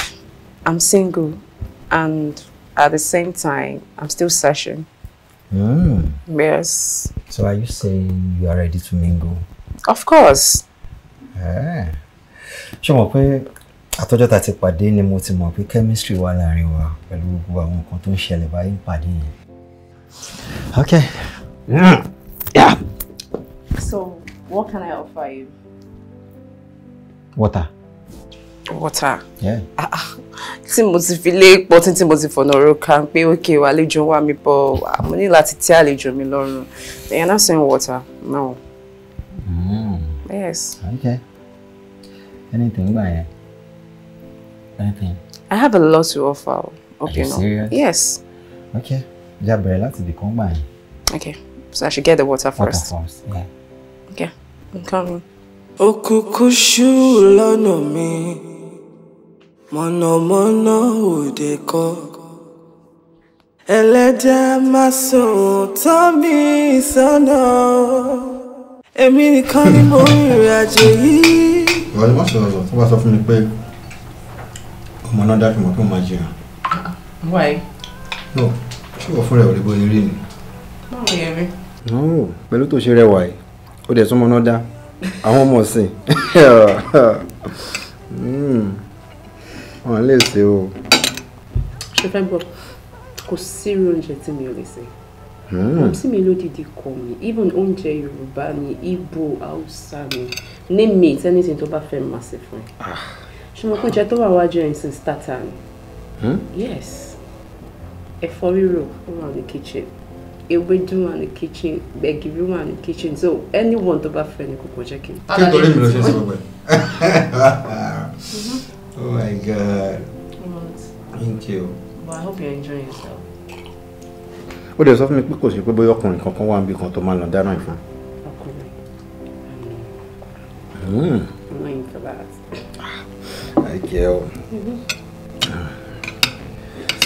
I'm single. And at the same time, I'm still searching. Mm. Yes. So are you saying you are ready to mingle? Of course. Eh. Ṣé mọ̀ pé àtọ́jọ́ tá ti pàdé ni mo ti mọ̀ pé chemistry wà láàrin wa pẹ̀lú gbogbo àwọn nǹkan tó ń ṣẹlẹ̀ báyìí ń pàdé yẹn. Okay. Mm. Yeah. So, what can I offer you? Water. Water? Yeah. Ah, ah. Tí mo ti fi lé pọ̀ tí mo ti fọ̀nà ọ̀rọ̀ kan pé ókè wà àlejò wà mí bọ̀ ah, mo ní láti tí àlejò mi lọ́rùn. They are not saying water, no. Mm. Yes. Okay. Anything gbà yẹn? Anything? I have a lot to offer. Okay, Are you no. serious? Yes. Okay. Jabere láti di kan Okay. So I should get the water first. Water first, yeah. Okay, I'm coming. Òkùnkùn ṣú lọ́nà mi, mọ̀nàmọ́ná òde kọ́. Ẹlẹ́dàá máa sùn tọ́ mi sọ́nà. Èmi mo rìnrìn àjò yìí. Ìwà ni wọ́n sọ̀rọ̀ tó bá sọ fún mi pé mo máa jìyàn. Why? No, ṣé wọ́n fúnra ẹ̀ ò rí bóyá rí ni? Báwo yẹ rí? No, pẹ̀lú tó ṣe rẹwà ó dẹ̀ tún mọ́ná dá àwọn ọmọ ọ̀sìn hmm. wọn lè ṣe o. ṣe fẹ́ gbọ́ kò sí irú oúnjẹ tí mi ò lè ṣe tí hmm. mi ló dìde kọ mi even oúnjẹ Yorùbá mi Ìgbò Haúsá mi name it anything tó bá fẹ́ máa ṣe fún ẹ ah. ṣé mo kó jẹ tó wà wájú ẹ̀ since that time. ni hmm? yes ẹ̀fọ́ rírò ó wà ní kitchen ewédú wà ní kitchen gbẹ̀gìrì wà ní kitchen so anyone tó bá fẹ́ ni kò kò jẹ́ kí n. kí n torí mi ló ṣe é sọ pé. oh my god thank you. Well, i hope you enjoy yourself. ó lè sọ fún mi pé kò sí pé bóyá ọkùnrin kankan wà níbi kan tó máa lọ dáná ìfún. ọkùnrin hmm. Hmm. i'm not for that. i get it.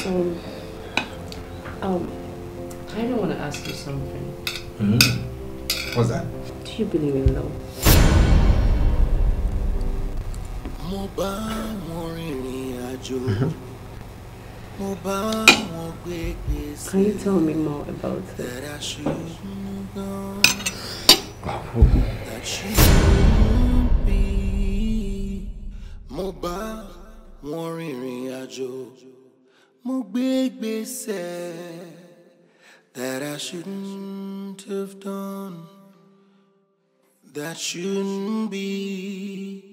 so um, I don't want to ask you something. Mm -hmm. What's that? Do you believe in love? Mm-hmm. Can you tell me more about it? that I shouldn't have done, that shouldn't be.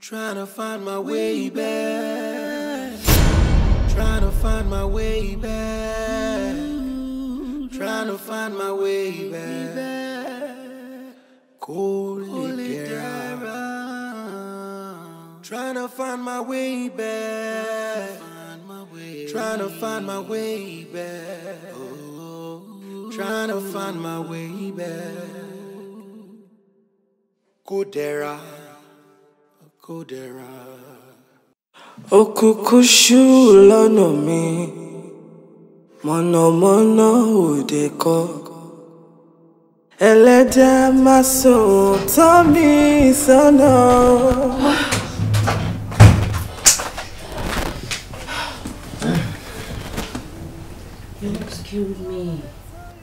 Trying to find my way back, trying to find my way back, trying to find my way back. trying to find my way back, trying to find my way back. Oh, trying to find my way back. Kodera, Kodera. Òkùnkùn ṣú lọ́nà mi, mọ̀nàmọ́ná òde kọ́. Ẹlẹ́dàá máa sùn tọ́ mi sọ́nà. You me.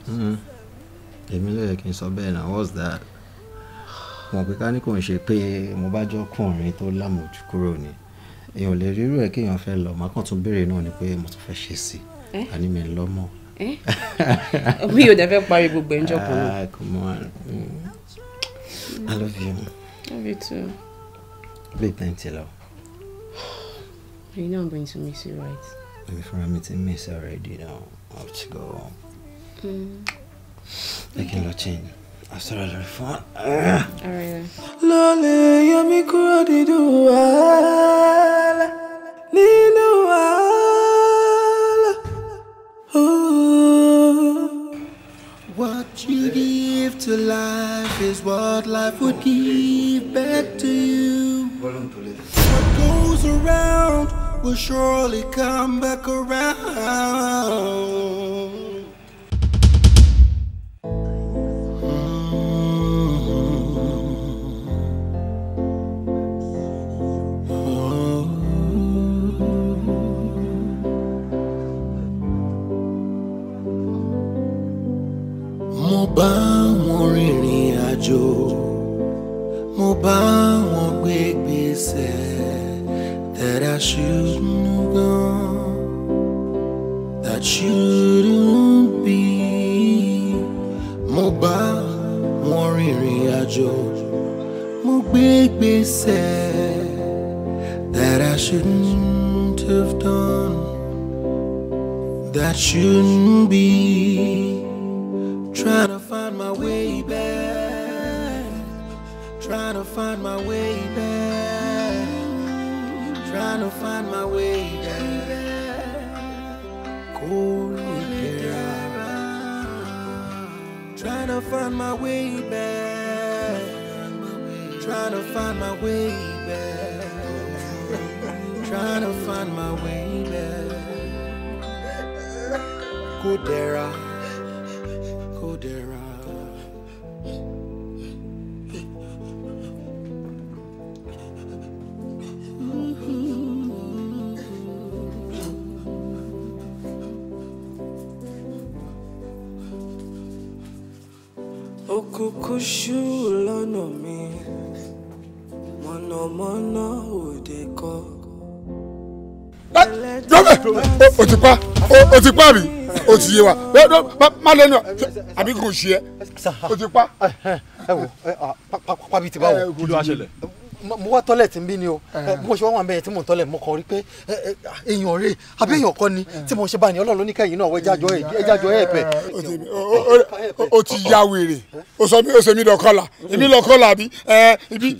Mm-hmm. èmi ló yẹ sọ bẹ́ẹ̀ náà what's that mọ̀ pé ká ní kò ń ṣe pé mo bá jọ kùnrin tó lámòjú kúrò ni èèyàn lè rírú ẹ̀ kéèyàn fẹ́ lọ màá kàn tún béèrè náà ni pé mo tún fẹ́ ṣe sí i àní mi lọ́mọ. mi ò dẹ̀ fẹ́ parí gbogbo ẹ̀ńjọ́ kan náà. i love you. love you too. babe thank you love. you know i'm going to miss you right. I'm from a meeting miss already now. I have to go home. Mm. Lakin lo change. After all, the phone. Oh, Alright. Lole, yami kuro di duwala. What you give to life is what life would give back to you. What goes around will surely come back around. mo bá wọn rìnrìn àjò mo bá wọn gbé gbèsè that I shouldn't go that shouldn't be. Mo bá wọn rìnrìn àjò, mo gbé gbèsè that I shouldn't have done, that shouldn't be. Trying to find my way back. Trying to find my way back. Trying to find my way back. Cold Trying to find my way back. Trying to find my way back. Trying to find my way back. Kudera. o ti pa bi o ti yé wa má lẹ́nu àbí kò ṣe ẹ́ o ti pa. ẹ wo pápá bíi ti bá wò kí ló wá ṣẹlẹ̀. mo wá tọ́lẹ̀tì ń bí ni o bí mo ṣe wá wà bẹ́ẹ̀ tí mo ń tọ́lẹ̀ mo kàn rí pé èèyàn rè àbí èèyàn kọ́ ni tí mo ṣe bá ní ọlọ́run ló ní kẹ́yìn náà wọ ẹjájọ ẹjájọ ẹ̀ pẹ̀. o ti ya wèrè o sọ mi o ṣe mi lọkọlà èmi lọkọlà bí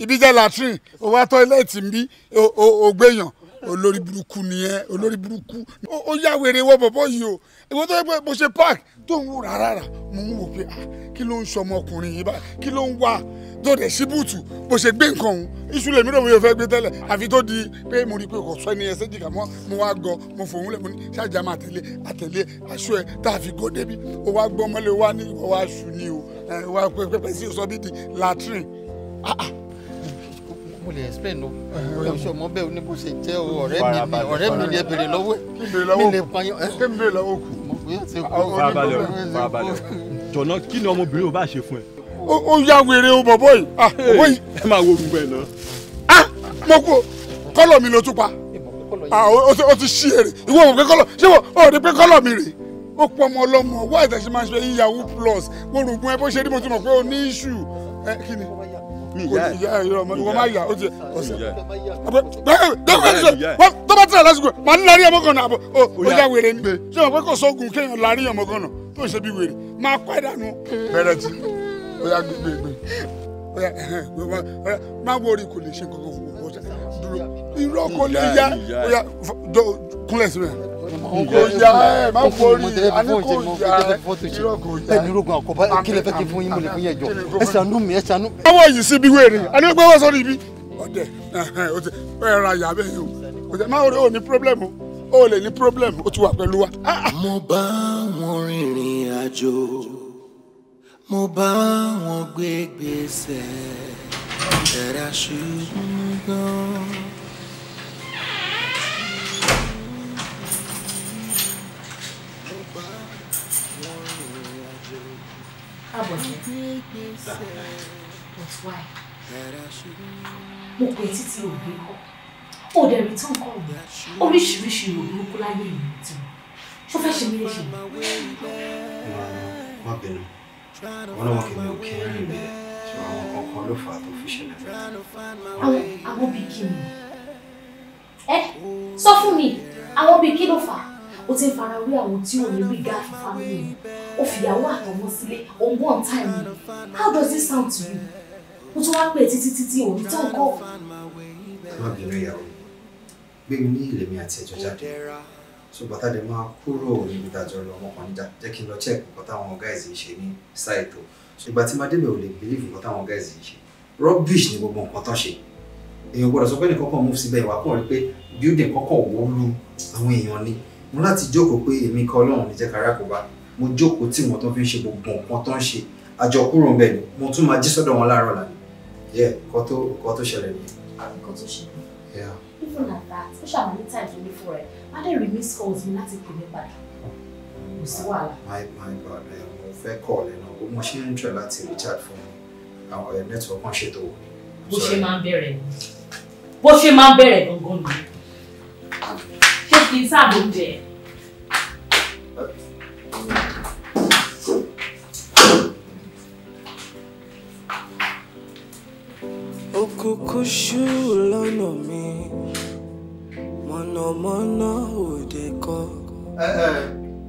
ibi jẹ́ latrine o wá tọ́lẹ̀tì ń bí o gbẹ̀yàn olórí burúkú nìyẹn olórí burúkú ó yá wèrè wọ bọ̀bọ̀ yìí o ìwọ tó yẹ pé mo ṣe park tó ń wò rárá rà mo ń wò pé ah kí ló ń sọmọkùnrin yìí bá kí ló ń wá tó dẹ̀ sí bùtù bó ṣe gbé nǹkan òun iṣu lèmi náà mo yẹ fẹ́ gbé tẹ́lẹ̀ àfi tó di pé mo rí i pé kò sọ ẹni ẹsẹ̀ jìkà mọ́ mo wá gọ mo fòun lẹ̀ mo ní ṣáàjà máa tẹ̀lé àtẹ̀lé aṣọ ẹ̀ tá a fi gọ́ débi ó wá gbọ́ mọ́lẹ̀ ó wá ní ìwọ wá aṣù ni o ẹ̀ wá pẹ́pẹ́ sí ìsọ̀bídìí latrine ah ah mo lè explain o oṣù ọmọ bẹ́ẹ̀ ni bó ṣe jẹ́ o ọ̀rẹ́ mi ni ọ̀rẹ́ mi ni ẹbèrè lọ́wọ́ mi lè pààyàn ẹ kí n bèrè lọ́wọ́ kù. mo fi ẹ ti kú ọ ní bàbá rẹ jọ̀nà kí ni ọmọbìnrin ò bá ṣe fún ẹ. ó ya wèrè o bọ̀bọ̀ yìí ah, bọ̀bọ̀ yìí. ẹ máa wo orúkọ ẹ náà. a ah, mo kú kọ́lọ̀ mi ló tún pa ó ah, ti ṣí èrè ìwọ ò pé kọ́lọ̀ ṣé wọ́n ò ní pé kọ́lọ̀ mi rè ó pọ ọmọ ọlọ́mọ wáyé tẹ̀sí máa ń ṣe yíyàwó plus mo rògbòn ẹ bó ṣe rí mo ti mọ̀ pé o ní issue ẹ kí ni mi lásìkò màá ní lárí ọmọ kan náà ó yà wèrè ni ṣé wọn pé kò sóògùn kéèyàn lárí ọmọ kan tó ń ṣe bí wèrè máa kọ́ ìdànù. bẹ̀rẹ̀ tí ó yà gbégbé gbé máa wọrí kò lè ṣe kankan fún irọ́ kò lè yá oya kúnlẹ̀ síbẹ̀ kò yá ẹ má forí ẹ irọ́ kò yá ẹ. bẹ́ẹ̀ni rogun àkọ́bá kílẹ̀ kí fún yín mo fún yẹn jọ ẹ ṣàánú mi ẹ ṣàánú. báwo yìí sí bí wéèrè àní pé wọ́n sọ ibi ọdẹ ẹ ra yà bẹ́ẹ̀ yìí o ọdẹ má rí o ní pírọ́blẹ̀mù o lè ní pírọ́blẹ̀mù o ti wà pẹ̀lú wa. Ah, ah. mo bá wọn rìnrìn àjò mo bá wọn gbé gbèsè that I shouldn't go. But why? Mo pè títí òbí kọ́. Ó dẹ̀ rí tán kọ́ mi. Oríṣiríṣi òbí kú láyé mi ti mọ̀. Ṣé o fẹ́ ṣe mí léṣe? Má bínú. Wọ́n náà wọ́n kì í mi ò kí ń rìn bẹ́ẹ̀. Ṣé àwọn ọkọ ló fà á tó fi ṣẹlẹ̀? Àwọn àwọn bíi kí ni? Ẹ sọ fún mi, àwọn bíi kí ló fà á? O ti ń farawé àwọn tí ò ní rí gáàfù fámìlì ó fìyàwó àtọmọ sílé ó ń bọ̀ ń how does this sound to you ó tún wá pè títí títí òní tó ń kọ́. má bínú ìyàwó gbé mi ní ilé mi àti ẹjọ́ jáde so bàtà dé máa kúrò níbi ìdájọ́ lọ ọmọkùnrin já jẹ́ kí n lọ check nǹkan táwọn guys yìí ṣe ní ṣáìtò so ìgbà tí madébẹ̀ ò lè believe nǹkan táwọn guys yìí ṣe rubbish ni gbogbo nǹkan tán ṣe èèyàn gbọ́dọ̀ sọ pé nìkan kan move síbẹ̀ ìwà kan rí pé building kọ́kọ́ wọ́ọ́lù àwọn èèyàn ni mo láti jókòó pé èmi kọ́ ọlọ́run ní jẹ́ kára kó bá mo jókòó tí wọn tó fi ń ṣe gbogbo nǹkan tó ń ṣe àjọ kúrò ń bẹ ni mo tún máa jí sọ́dọ̀ wọn láàárọ̀ lànà yẹ nǹkan tó nǹkan tó ṣẹlẹ̀ ni. nǹkan tó ṣẹlẹ̀ even at that ó ṣàwọn ní time tó ní fún rẹ má dé rí miss calls mi láti pè mí padà kò sí wàhálà. my my god ẹ eh, mo fẹ́ kọ́ ọ̀lẹ́ náà ó mọ ṣe ń tẹ̀ láti richard fún mi àwọn ẹ̀ eh, network kan ṣètò wò ni. bó ṣe máa ń bẹ̀rẹ̀ ni bó ṣe máa ń bẹ̀rẹ̀ gangan ni ṣé kì í sáà ló ń jẹ ẹ́. kúkú ṣú lọ́nà mi mọ̀nàmọ́ná òde kọ́. ẹ ẹ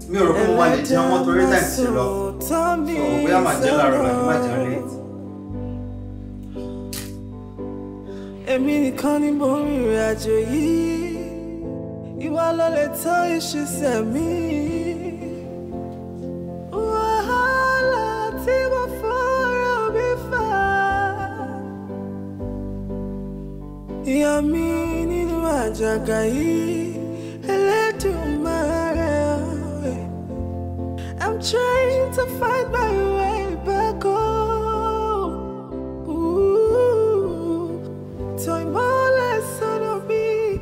mi ò rò pé mo lè jẹun wọn torí táìmù ti lọ sọ bóyá màá jẹ láàárọ̀ làbí màá jẹun léètì. èmi nìkan ni mo rìnrìn àjò yìí ìwà ló lè tán ìṣiṣẹ́ mi. Siamini nwajaga hii Eletu mara I'm trying to find my way back home Ooh Toi mole sono mi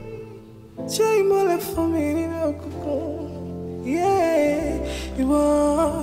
Jai mole famini no kuku Yeah You want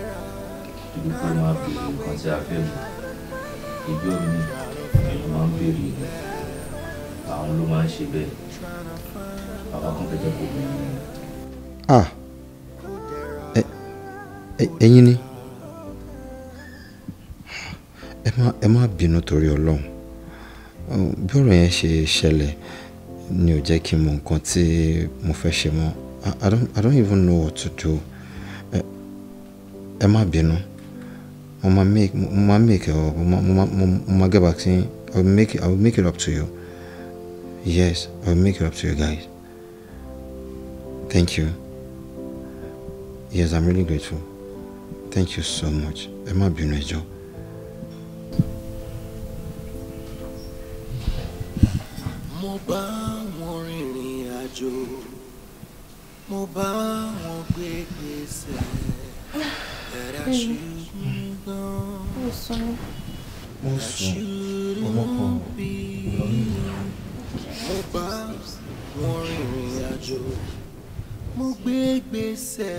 ibi kó máa béèrè nǹkan a fẹ́ mu ìbí omi èèyàn máa ń béèrè ni àwọn ló máa ń ṣe bẹ́ẹ̀ bàbá kan fẹ́ jẹ́ kó mi. ah ẹ̀yin ni ẹ má ẹ má bínú torí bí ọ̀rọ̀ yẹn ṣe ṣẹlẹ̀ ni ò jẹ́ kí n mọ nǹkan tí mo fẹ́ ṣe mọ́ I don't I don't even know what to do ẹ má bínú mo ma make mo make it up mo ma get back sí i will make it i will make it up to you yes i will make it up to you guys thank you yes i'm really grateful thank you so much ẹ má bínú ẹ jọ̀ọ́. mo bá wọn rìnrìn àjò mo bá wọn gbé gbèsè ẹ̀rá ṣe mo sùn ni. mo gbé gbèsè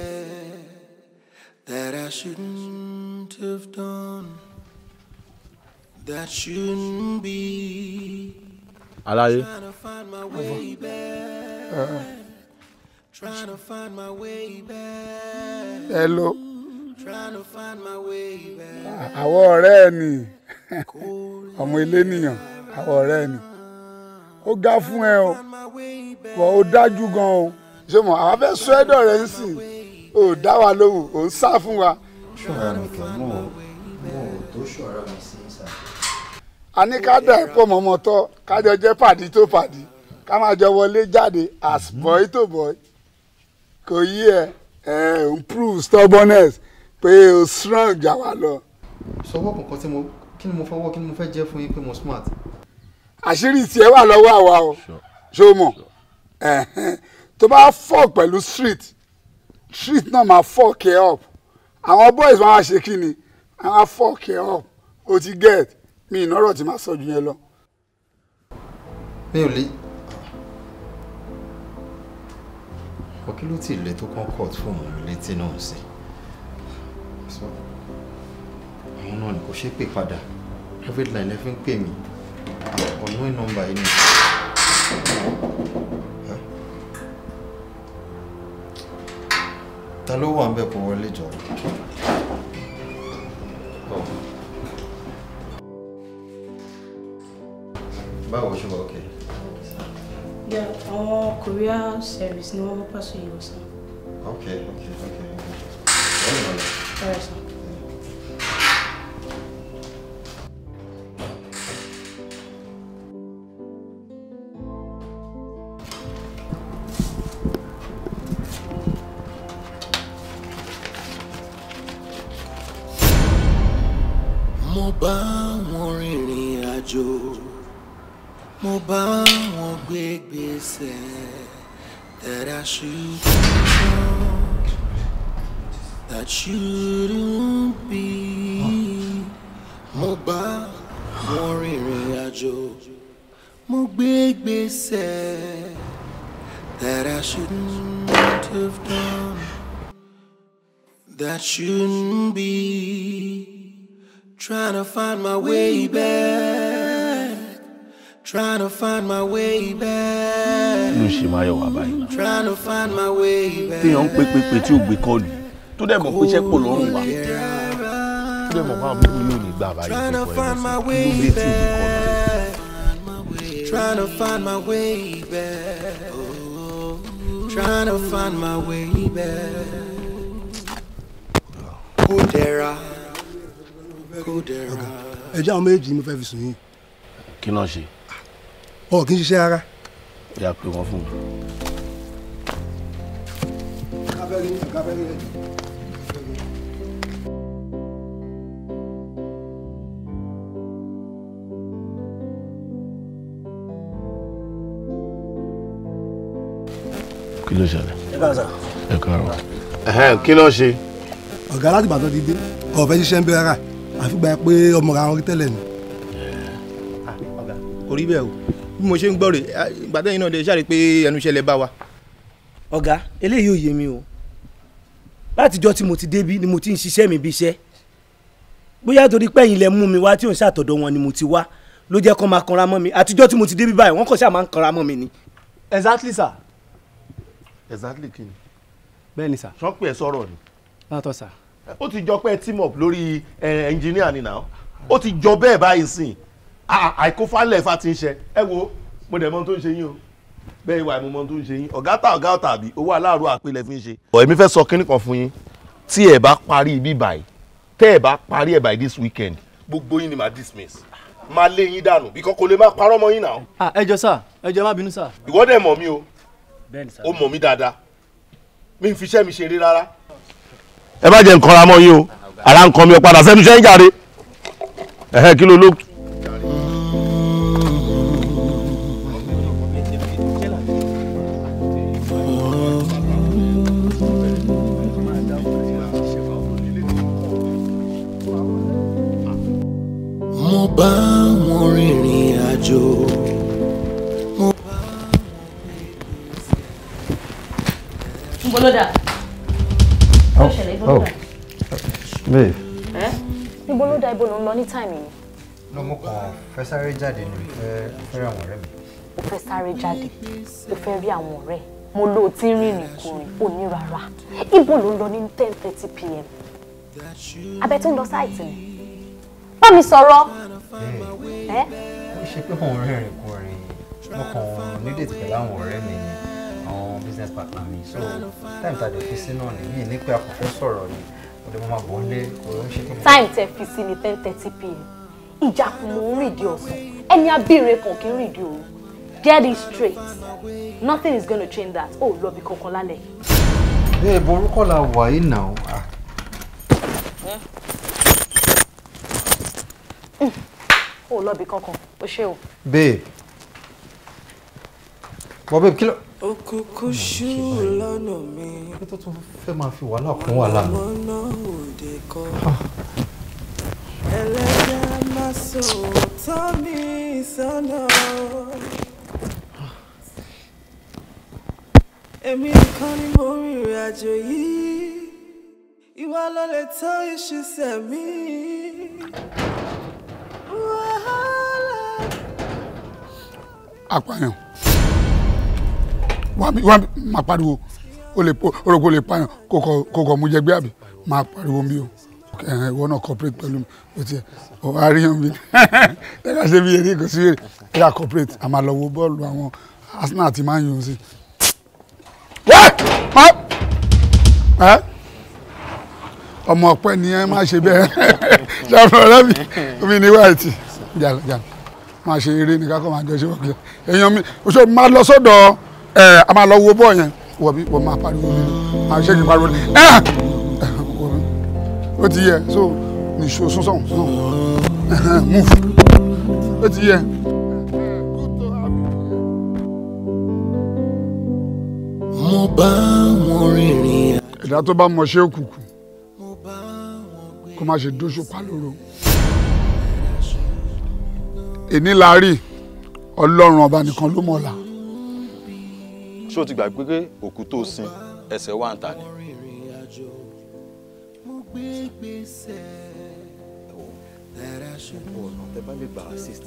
that I shouldn't have done that shouldn't be. Alaye. Hello. Ah, àwọ̀ ọ̀rẹ́ ẹ̀ nì ọmọ ilé nìyàn àwọ̀ ọ̀rẹ́ ẹ̀ nì ó ga fún ẹ o wọ́n ó dájú gan o ṣé mo àwọn fẹ́ sọ ẹ́dọ̀ rẹ̀ ń sìn ó dá wa lóhùn ó ń sá fún wa. ṣọ́ra nìkan mọ̀ mọ̀ tó ṣọ́ra mi sí sá. a ní ká dà pọ̀ mọ́mọ́ tọ́ ká jọ jẹ́ pàdí tó pàdí ká máa jọ wọlé jáde as boy to boy kò yí ẹ ẹ improve stubbornness pé o strong jà wá lọ. sọwọ́ kankan tí mo kí ni mo fọwọ́ kí ni mo fẹ́ jẹ́ fún yín pé mo smart. àṣírí tiẹ̀ wà lọ́wọ́ àwa o ṣé o mọ̀ tó bá fọ́ pẹ̀lú street street náà máa fọ́ kẹ́ up àwọn boys máa ṣe kí ni àwọn fọ́ kẹ́ up o ti get mi ìnárọ̀ tí máa sọ jù yẹn lọ. mi ò lè kọ́ kí ló ti lè tó kọ́ court fóònù mi létí náà sí i. òun náà ni kò ṣe é pè padà private line lẹ fi ń pè mí ah, ọ̀nà nọ́mbà yìí ni. ta ló wà ń bẹ̀ kó wọlé jọ. báwo ṣe wà ókè. Yeah, àwọn Korea service ni wọ́n bá pàṣẹ ìwòsàn. Okay, okay, okay. All right, all right. shouldn't have done, that shouldn't be. Trying to find my way back, trying to find my way back. ló ṣe máa yọ wá trying to find my way back. téèyàn ń pè pé pé tí ò gbé kọ́ọ̀lù tó dẹ̀ mọ̀ pé iṣẹ́ pọ̀ lọ́rùn wa tó dẹ̀ mọ̀ pé àwọn mímu yóò ní gbà báyìí tó kọ́ ẹ̀ lọ́sẹ̀ ló trying to find my way back trying to find my way back. Kudera. Kudera. Ẹ jẹ́ àwọn méjì mo fẹ́ fi sùn yín. Kí náà ṣe? Ọ̀ kì í ṣiṣẹ́ ara. Ìyá pé wọ́n fún mi. Kábẹ́rì Kábẹ́rì rẹ̀. kí ló ṣẹlẹ̀. ẹ káàárọ̀. ẹhẹn kí ló ṣe. ọ̀gá láti Ìbàdàn ti dé ọ̀fẹ́ ṣiṣẹ́ ń bẹ rárá àfi gba pé ọmọ ra wọn rí tẹ́lẹ̀ ni. Ah, ọ̀gá kò bẹ́ẹ̀ o bí mo ṣe ń gbọ́ rè ah, Ìbàdàn yìí náà lè ṣàrí pé ẹnu iṣẹ́ lẹ bá wa. ọ̀gá eléyìí ò yé mi o látijọ́ tí mo ti débí ni mo ti ń ṣiṣẹ́ mi bí iṣẹ́ bóyá torí pẹ́yìn lẹ mú mi wá tí ò ń ṣàtọ̀dọ̀ wọn ni mo ti wá ló jẹ́ kó máa kanra mọ́ mi àtijọ́ tí mo ti débí báyìí wọ́n kàn ṣáà máa ń kanra mọ́ mi ni. exactly sir exactly kí ni. bẹ́ẹ̀ni sà. sọpẹ ẹ sọ̀rọ̀ ni. látọ sà. ó ti jọ pé team up lórí engineer ni náà ó ti jọ bẹ́ẹ̀ báyìí sìn àìkófálẹ̀ fa ti ń ṣe ẹ wo mo dẹ̀ mọ tó ń ṣe yín o bẹ́ẹ̀ ìwà ìmọ̀mọ́ tó ń ṣe yín ọ̀gá tá ọ̀gá tàbí owó aláàrú àpilẹ̀ fi ń ṣe. ọ̀ èmi fẹ́ sọ kínní kan fún yín tí ẹ bá parí ibi báyìí tẹ́ ẹ bá parí ẹ̀ by this weekend gbogbo yín ni màá dismiss máa lé yín dànù bí kò kò lè má parọ́ mọ́ yín náà. ẹ jọ̀ọ́ sà ẹ jọ̀ọ́ má bínú sà. ìwọ mọ̀ mí o ó mọ̀ mí dáadáa mi ń fi iṣẹ́ mi ṣeré rárá. ẹ bá jẹ́ nǹkan ra mọ́ yín o ara nǹkan mi ò padà sẹ́nu iṣẹ́ ń jàre ẹ̀hẹ́ kí ló ló jáde o fẹ́ rí àwọn ọ̀rẹ́ mo lò ó tí ń rìnrìn ní rárá ibo ló ń lọ ní ten thirty pm abẹ tó ń lọ sáìtì ni bá mi sọ̀rọ̀. ẹ ó ṣe pé òun rìnrìn kùnrin mo kàn nídìí ti pẹ̀lú àwọn ọ̀rẹ́ mi ni àwọn business partner mi so time tàbí fi sí náà nìyí ní pé àkọ́kọ́ sọ̀rọ̀ ni mo lè máa bọ̀ ọ́lé kò ń ṣe tó. time tẹ fi sí ni ten thirty pm ìjà kò mò ń rìn di ọ̀sán ẹni abíire kàn kí ń rìn di òru Get it straight. Nothing is gonna change that. Oh, lọ bí kankan lálẹ́. Ẹ borúkọ la wà yìí náà. Ó hmm. oh, lọ bí kankan, ó ṣe o. Babe. Wọ́n babe kí ló. Òkùnkùn hmm, ṣú lọ́nà mi. Kí tó tún fẹ́ máa fi wàhálà kún wàhálà mi. Ọmọ náà ò dé kọ́. Ẹlẹ́dàá máa sọ tọ́ mi sọ́nà. èmi nìkan ni mo rin ìrìn àjò yìí ìwà ló lè tán ìṣiṣẹ́ mi. apààyàn wà mí wà mí máa pariwo o lè orogbo lè pààyàn kò kò mú jẹgbẹ́ àbí máa pariwo mi o ìwọ náà cooperate pẹ̀lú mi o tiẹ̀ o àríyàn mi ẹ̀ka ṣe bí eré kò sí eré ẹ̀ka cooperate àmàlọ́wọ́ bọ́ọ̀lù àwọn Arsenal àti Man U sí i ọmọ ọpẹ ni ẹ má ṣe bẹ́ẹ̀ ṣàfihàn ọ̀rẹ́ mi omi ni wáìtì jàlọ jàlọ máa ṣe eré nìkan kọ́ máa jọ ṣe wọ́pẹ́ èèyàn mi oṣù máa lọ sọ́dọ̀ ẹ̀ a máa lọ wo bọ́ọ̀ yẹn wọ̀ bí wọ́n máa pariwo lé máa ṣe kí n pariwo lé ẹ̀ ó ti yẹ so nìṣó sún sọ̀hún sọ̀hún move ó ti yẹ. mo bá wọn rìnrìn. ẹ̀dá tó bá mọṣẹ́ òkùnkùn kó má ṣe dóṣù pa lóró èní la rí ọlọ́run ọba nìkan ló mọ̀ la. ṣé o ti gbàgbé pé òkú tó sin ẹsẹ̀ wà ń ta ni. ẹ wò bá lè gbà assist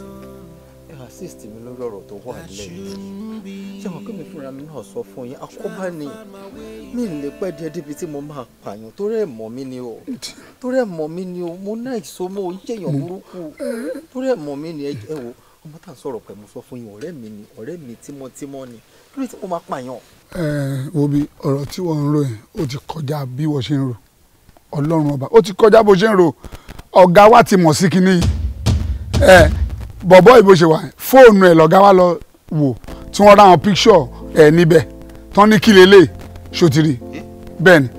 ẹ assist mi lórí ọ̀rọ̀ tó wà lẹ́yìn ṣé wọn kí fúnra mi náà sọ fún yín àkóbá ni mi lè pẹ́ díẹ̀ débi tí mo máa pààyàn tó rẹ̀ mọ́ mi ni o tó rẹ̀ mọ́ mi ni o mo náà ìsomọ́ o jẹ̀yàn burúkú tó rẹ̀ mọ́ mi ni ẹ wò ọmọ tá à ń sọ̀rọ̀ pẹ̀ mo sọ fún yín ọ̀rẹ́ mi ni ọ̀rẹ́ mi tímọ́tímọ́ ni lórí tí mo máa pààyàn. ẹ wo bí ọ̀rọ̀ tí wọ́n ń rò yẹn ó ti kọjá bí wọ́n ṣe ń rò ọlọ́run ọba ó ti kọjá bó ṣe ń rò ọ̀gá wa ti mọ̀ sí kinní yìí bọ̀bọ́ ìbò ṣe wà fóònù ẹ̀ lọ́gá wa lọ wò tí wọ́n ráwọn píkṣọ̀ ẹ̀ níbẹ̀ tán ní kílẹ̀ lè ṣòtìrì bẹ́ẹ̀ ni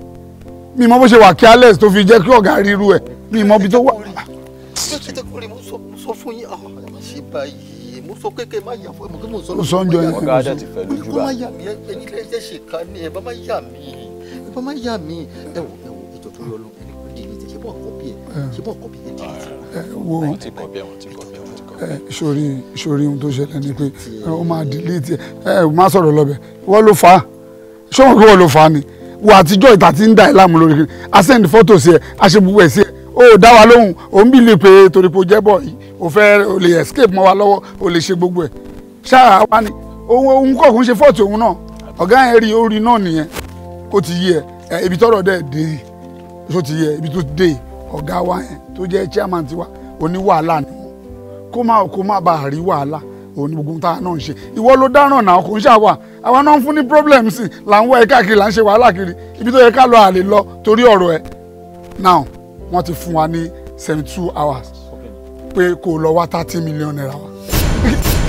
mi mọ bó ṣe wà careless tó fi jẹ́ kí ọ̀gá rí ẹ̀ mi mọ bí tó wà. mo sọ kékeré má yà fún ẹ mo kí mo sọ lọ. bá. má yà mí ẹ wò ẹ wò ìjọ yọ lọ ẹni kò dì ní ṣe bọ́ kọ́pì ẹ ṣe bọ́ kọ́pì ẹ dì ní ti ìṣòrí ìṣòrí ohun tó ṣẹlẹ̀ ni pé ó máa delete ẹ ẹ má sọ̀rọ̀ lọ́bẹ̀ wọ́n ló fà á ṣé wọn pé wọ́n ló fà á ni wọ́n àtijọ́ ìta ti ń dà ẹ́ láàmú lórí kiri a send photo sí ẹ a ṣe gbogbo ẹ̀ sí ẹ ó dá wa lóhùn ó ń bìlì pé torí pé o jẹ́ bọ̀ yìí o fẹ́ o lè escape mọ́ wa lọ́wọ́ o lè ṣe gbogbo ẹ̀ ṣáà wá ni òun kọ̀ọ̀kan ṣe fọ́ọ̀tì òun náà ọ̀gá yẹn rí orí náà nìyẹn ó ti yé ẹ ibi tọ́rọ̀ dẹ̀ dé yìí ó ti yé ibi tó dé ọ̀gá wa yẹn tó jẹ́ chairman tiwa oní ni w kó má kó má bàa rí wàhálà òun ni gbogbo tá a náà ń ṣe ìwọ ló dáràn náà kò ń ṣàwà àwa náà ń fún ní problem sí là ń wá ẹ káàkiri là ń ṣe wàhálà kiri ibi tó yẹ ká lọ àlè lọ torí ọ̀rọ̀ ẹ now wọ́n ti fún wa ní seventy two hours pé kò lọ wá thirty million naira wa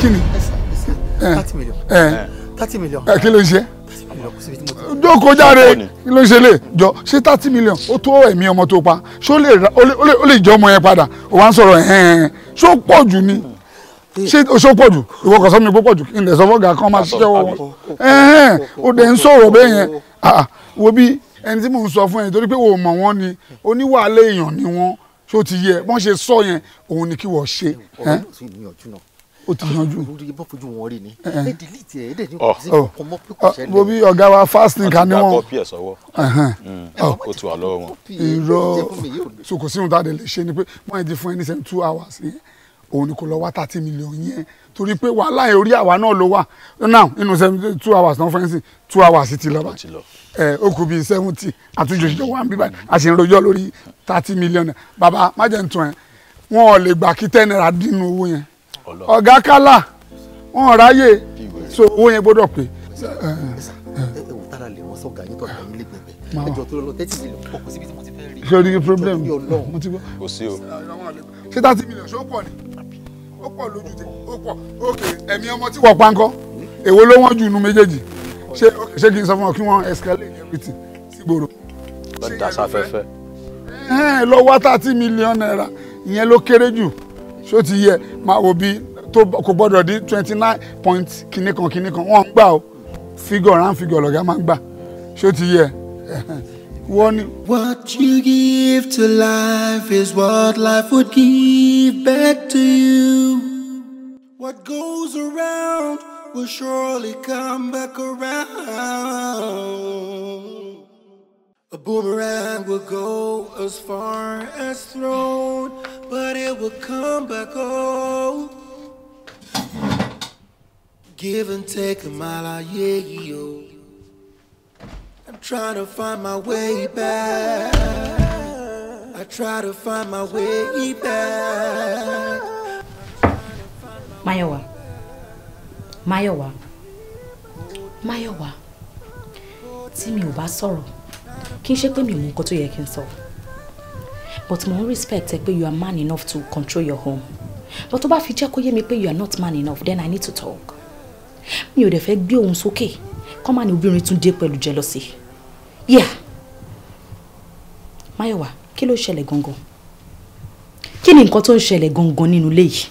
kí ni. Eh. thirty million. Eh. Eh, thirty million. kí ló ń ṣe jókòó jáde kí ló ṣe lè jọ ṣé thirty million ó tó ẹ̀mí ọmọ tó pa ṣé ó lè jẹ ọmọ yẹn padà ó wá ń sọ̀rọ̀ ẹ̀ẹ́n ṣó pọ̀ jù ni hmm. ṣé ṣó pọ̀ jù ìwọ kò sọ mi pọ̀ jù kí n lè sọ fọ́gà kan máa ṣiṣẹ́ wọ́n ẹ̀ẹ́n ó dẹ̀ ń sọ̀rọ̀ bẹ́ẹ̀ yẹn wo bí ẹni tí mò ń sọ fún ẹni torí pé wò mọ̀ wọ́n ni oníwàálẹ̀ èèyàn ni wọ́n ṣó ti yẹ bọ́n ṣe sọ yẹn òun ni kí wọ́n ṣe. ọ̀rọ̀ o ti yanjú. olórí ah, bọ́ fojú wọn rí ni ẹ eh, eh. delete ẹ ẹ dẹ̀ ní kò sí ọmọ pé kò ah, ṣẹlẹ̀. bobi ọ̀gá wa fasting kan ni wọn. àti àkọ́pì ẹ̀ sọ́wọ́ hmm. ah. ó tu àlọ́ wọn. irọ́ so kò sí ohun tá a lè ṣe ni pé wọ́n ti fún ẹni sẹ́ni two hours yẹn òun ni kò lọ wá thirty million yẹn torí pé wàhálà yẹn orí àwa náà ló wà now inú sẹ́ni two hours náà fẹ́ǹsì two hours ti lọ báyìí ẹ ó kù bíi seventy àtúnjòjò wà ń bí báyìí a sì ń rojọ́ lórí thirty million bàbá májẹ̀ ń tún ẹ wọn ò lè gbà kí ten naira dín nínú owó yẹn ọ̀gá kálà wọn ráyè so owó yẹn gbọ́dọ̀ pé. ṣé o ní problem mo ti gbọ́. kò sí o. ṣé thirty ṣé ó pọ̀ ni ó pọ̀ lójú tẹ ó pọ̀ ok ẹ̀mí ọmọ tí wọ́n pa èwo ló wọ́n jù nínú méjèèjì ṣé ṣé kí n sọ fún ọ kí wọ́n escalate everything sígboro. lọ́ọ́ dasafẹ́fẹ́. lọ wá thirty million naira ìyẹn ló kéré jù ṣó ti yẹ máa wo bí tó kò gbọ́dọ̀ di twenty nine point kinní kan kinní kan wọ́n gbà ó figure round figure lọ́gá máa ń gbà ṣó ti yẹ wọ́n ni. What you give to life is what life would give back to you. What goes around will surely come back around. A boomerang will go as far as thrown but it will come back home. Oh. Give and take a mile, yeah, oh. yo. I'm trying to find my way back. I try to find my way back. Mayowa. Mayowa. Mayowa. Tí mi ò bá sọ̀rọ̀, kí n ṣe pé mi ò mọ nǹkan tó yẹ kí n sọ but mo respect ẹ pé you are man enough to control your home but tó bá fi jẹ́ kó yé mi pé you are not man enough then I need to talk mi ò dẹ̀ fẹ́ gbé ohun sókè kọ́ máa ní obìnrin tún dé pẹ̀lú jealousy yeah Máyọ̀wá kí ló ṣẹlẹ̀ gangan kí ni nǹkan tó ń ṣẹlẹ̀ gangan nínú ilé yìí.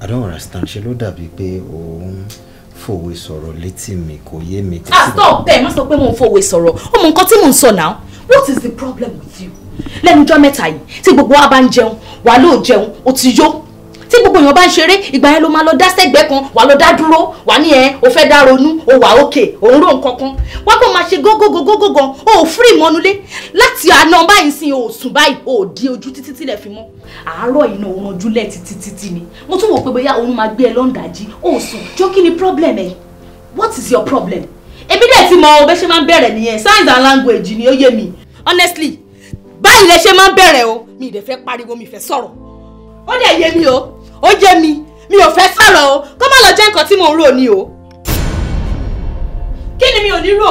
I don't understand ṣe ló dàbí pé òun fòwe sọ̀rọ̀ létí mi kò yé mi. ah stop bẹ́ẹ̀ má sọ pé mò ń fòwe sọ̀rọ̀ ó mọ nǹkan tí mò ń sọ náà what is the problem with you lẹ́nu jọ́ mẹ́ta yìí tí gbogbo wa bá ń jẹun wà lóò jẹun ó ti yó tí gbogbo èèyàn bá ń ṣeré ìgbà yẹn ló máa lọ dá sẹ́gbẹ́ kan wà ló dá dúró wà ní ẹ o fẹ́ dá ronú o wà òkè òun rò nǹkan kan wá kó máa ṣe gógógógógógan o ò fúrì mọ́nulé láti àná báyìí sin. o ò sùn báyìí o ò di ojú títí tílẹ̀ fi mọ́ àárọ̀ iná òun ojúlẹ̀ títí títí ni mo tún wò pé bóyá òun máa gbé ẹ lọ́ndàjì o ò sùn jọ kí ni problem ẹ what is your problem èmi dẹ̀ ti mọ ọ bẹ́ẹ̀ ṣe máa ń bẹ̀rẹ̀ nìyẹn signs and language ni ó yé mi honestly báyìí lẹ ṣe máa ń bẹ̀rẹ̀ o mi ì dẹ̀ fẹ́ pariwo mi ì fẹ́ sọ̀rọ̀ ó dẹ̀ yé mi o ó yé mi mi ò fẹ́ sọ̀rọ̀ o kó má lọ jẹ́ nǹkan tí mò ń rò ni o. kí ni mi ò ní rò.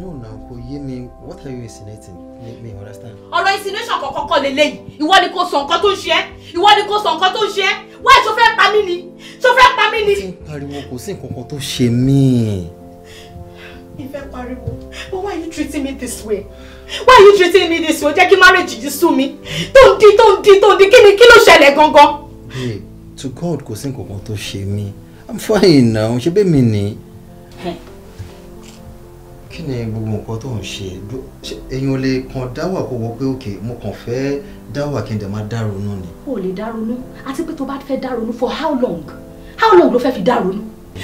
no na ko yé mi what are you insinuating make me understand. ọ̀rọ̀ insinuation kọ̀ọ̀kan kọ́ lélẹ́yìí ìwọ ni kò sọ nǹkan tó ń ṣe ẹ́ ìwọ ni kò sọ nǹkan tó ń ṣe ẹ́ wáyé tó fẹ́ pa mí ni tó fẹ́ pa mí ni. tí pariwo kò sí nǹkan tó ṣe mí. ìfẹ́ pariwo but why are you treating me this way? why are you treating me this way? jẹ́ kí marriage yìí sú mi tó ń di tó ń di tó ń di kí ni kí ló ṣẹlẹ̀ gangan to God kò sí nǹkan kan tó ṣe mí i'm fine now ṣe bẹ́ẹ̀ mi ni. Hm. kí ni gbogbo nǹkan tó ń ṣe èèyàn lè kàn dáwà kó wọ pé òkè mo kàn fẹ́ dáwà kí n dẹ̀ máa dáronú ni. o lè dáronú àti pé tó bá fẹ́ dáronú for how long how long ló fẹ́ fi dáronú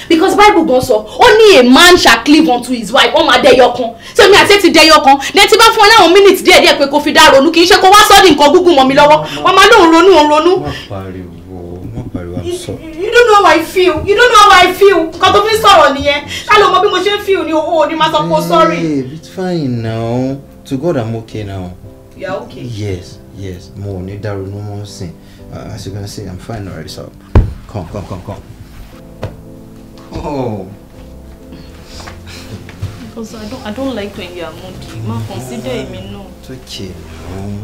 because bible gan sọ ó ní a man shall cleave unto his wife ó máa dẹyọ kan ṣé mi àti ti dẹyọ kan ní ti bá fún ọ láwọn mínítì díẹ̀ díẹ̀ pé kó fi dá ronú kì í ṣe kó wá sọ́ọ́dì nǹkan gúngùn mọ́ mi lọ́wọ́ wọn ah. máa lóun ronú òun ronú. má pariwo you don't know how I feel you don't know how I feel nǹkan tó fi sọ̀rọ̀ nìyẹn ká ló mọ bí mo ṣe ń feel ni owó ò ní máa sọ pé sorry. Hey, it's fine now to God I'm okay now. you are okay. yes yes mo ò ní dàrú ní mo ń sìn uh, as you can see I'm fine already so come come come come. Oh. Because I don't, I don't like when you are moody. Ma, consider ah, me no. It's okay. Um,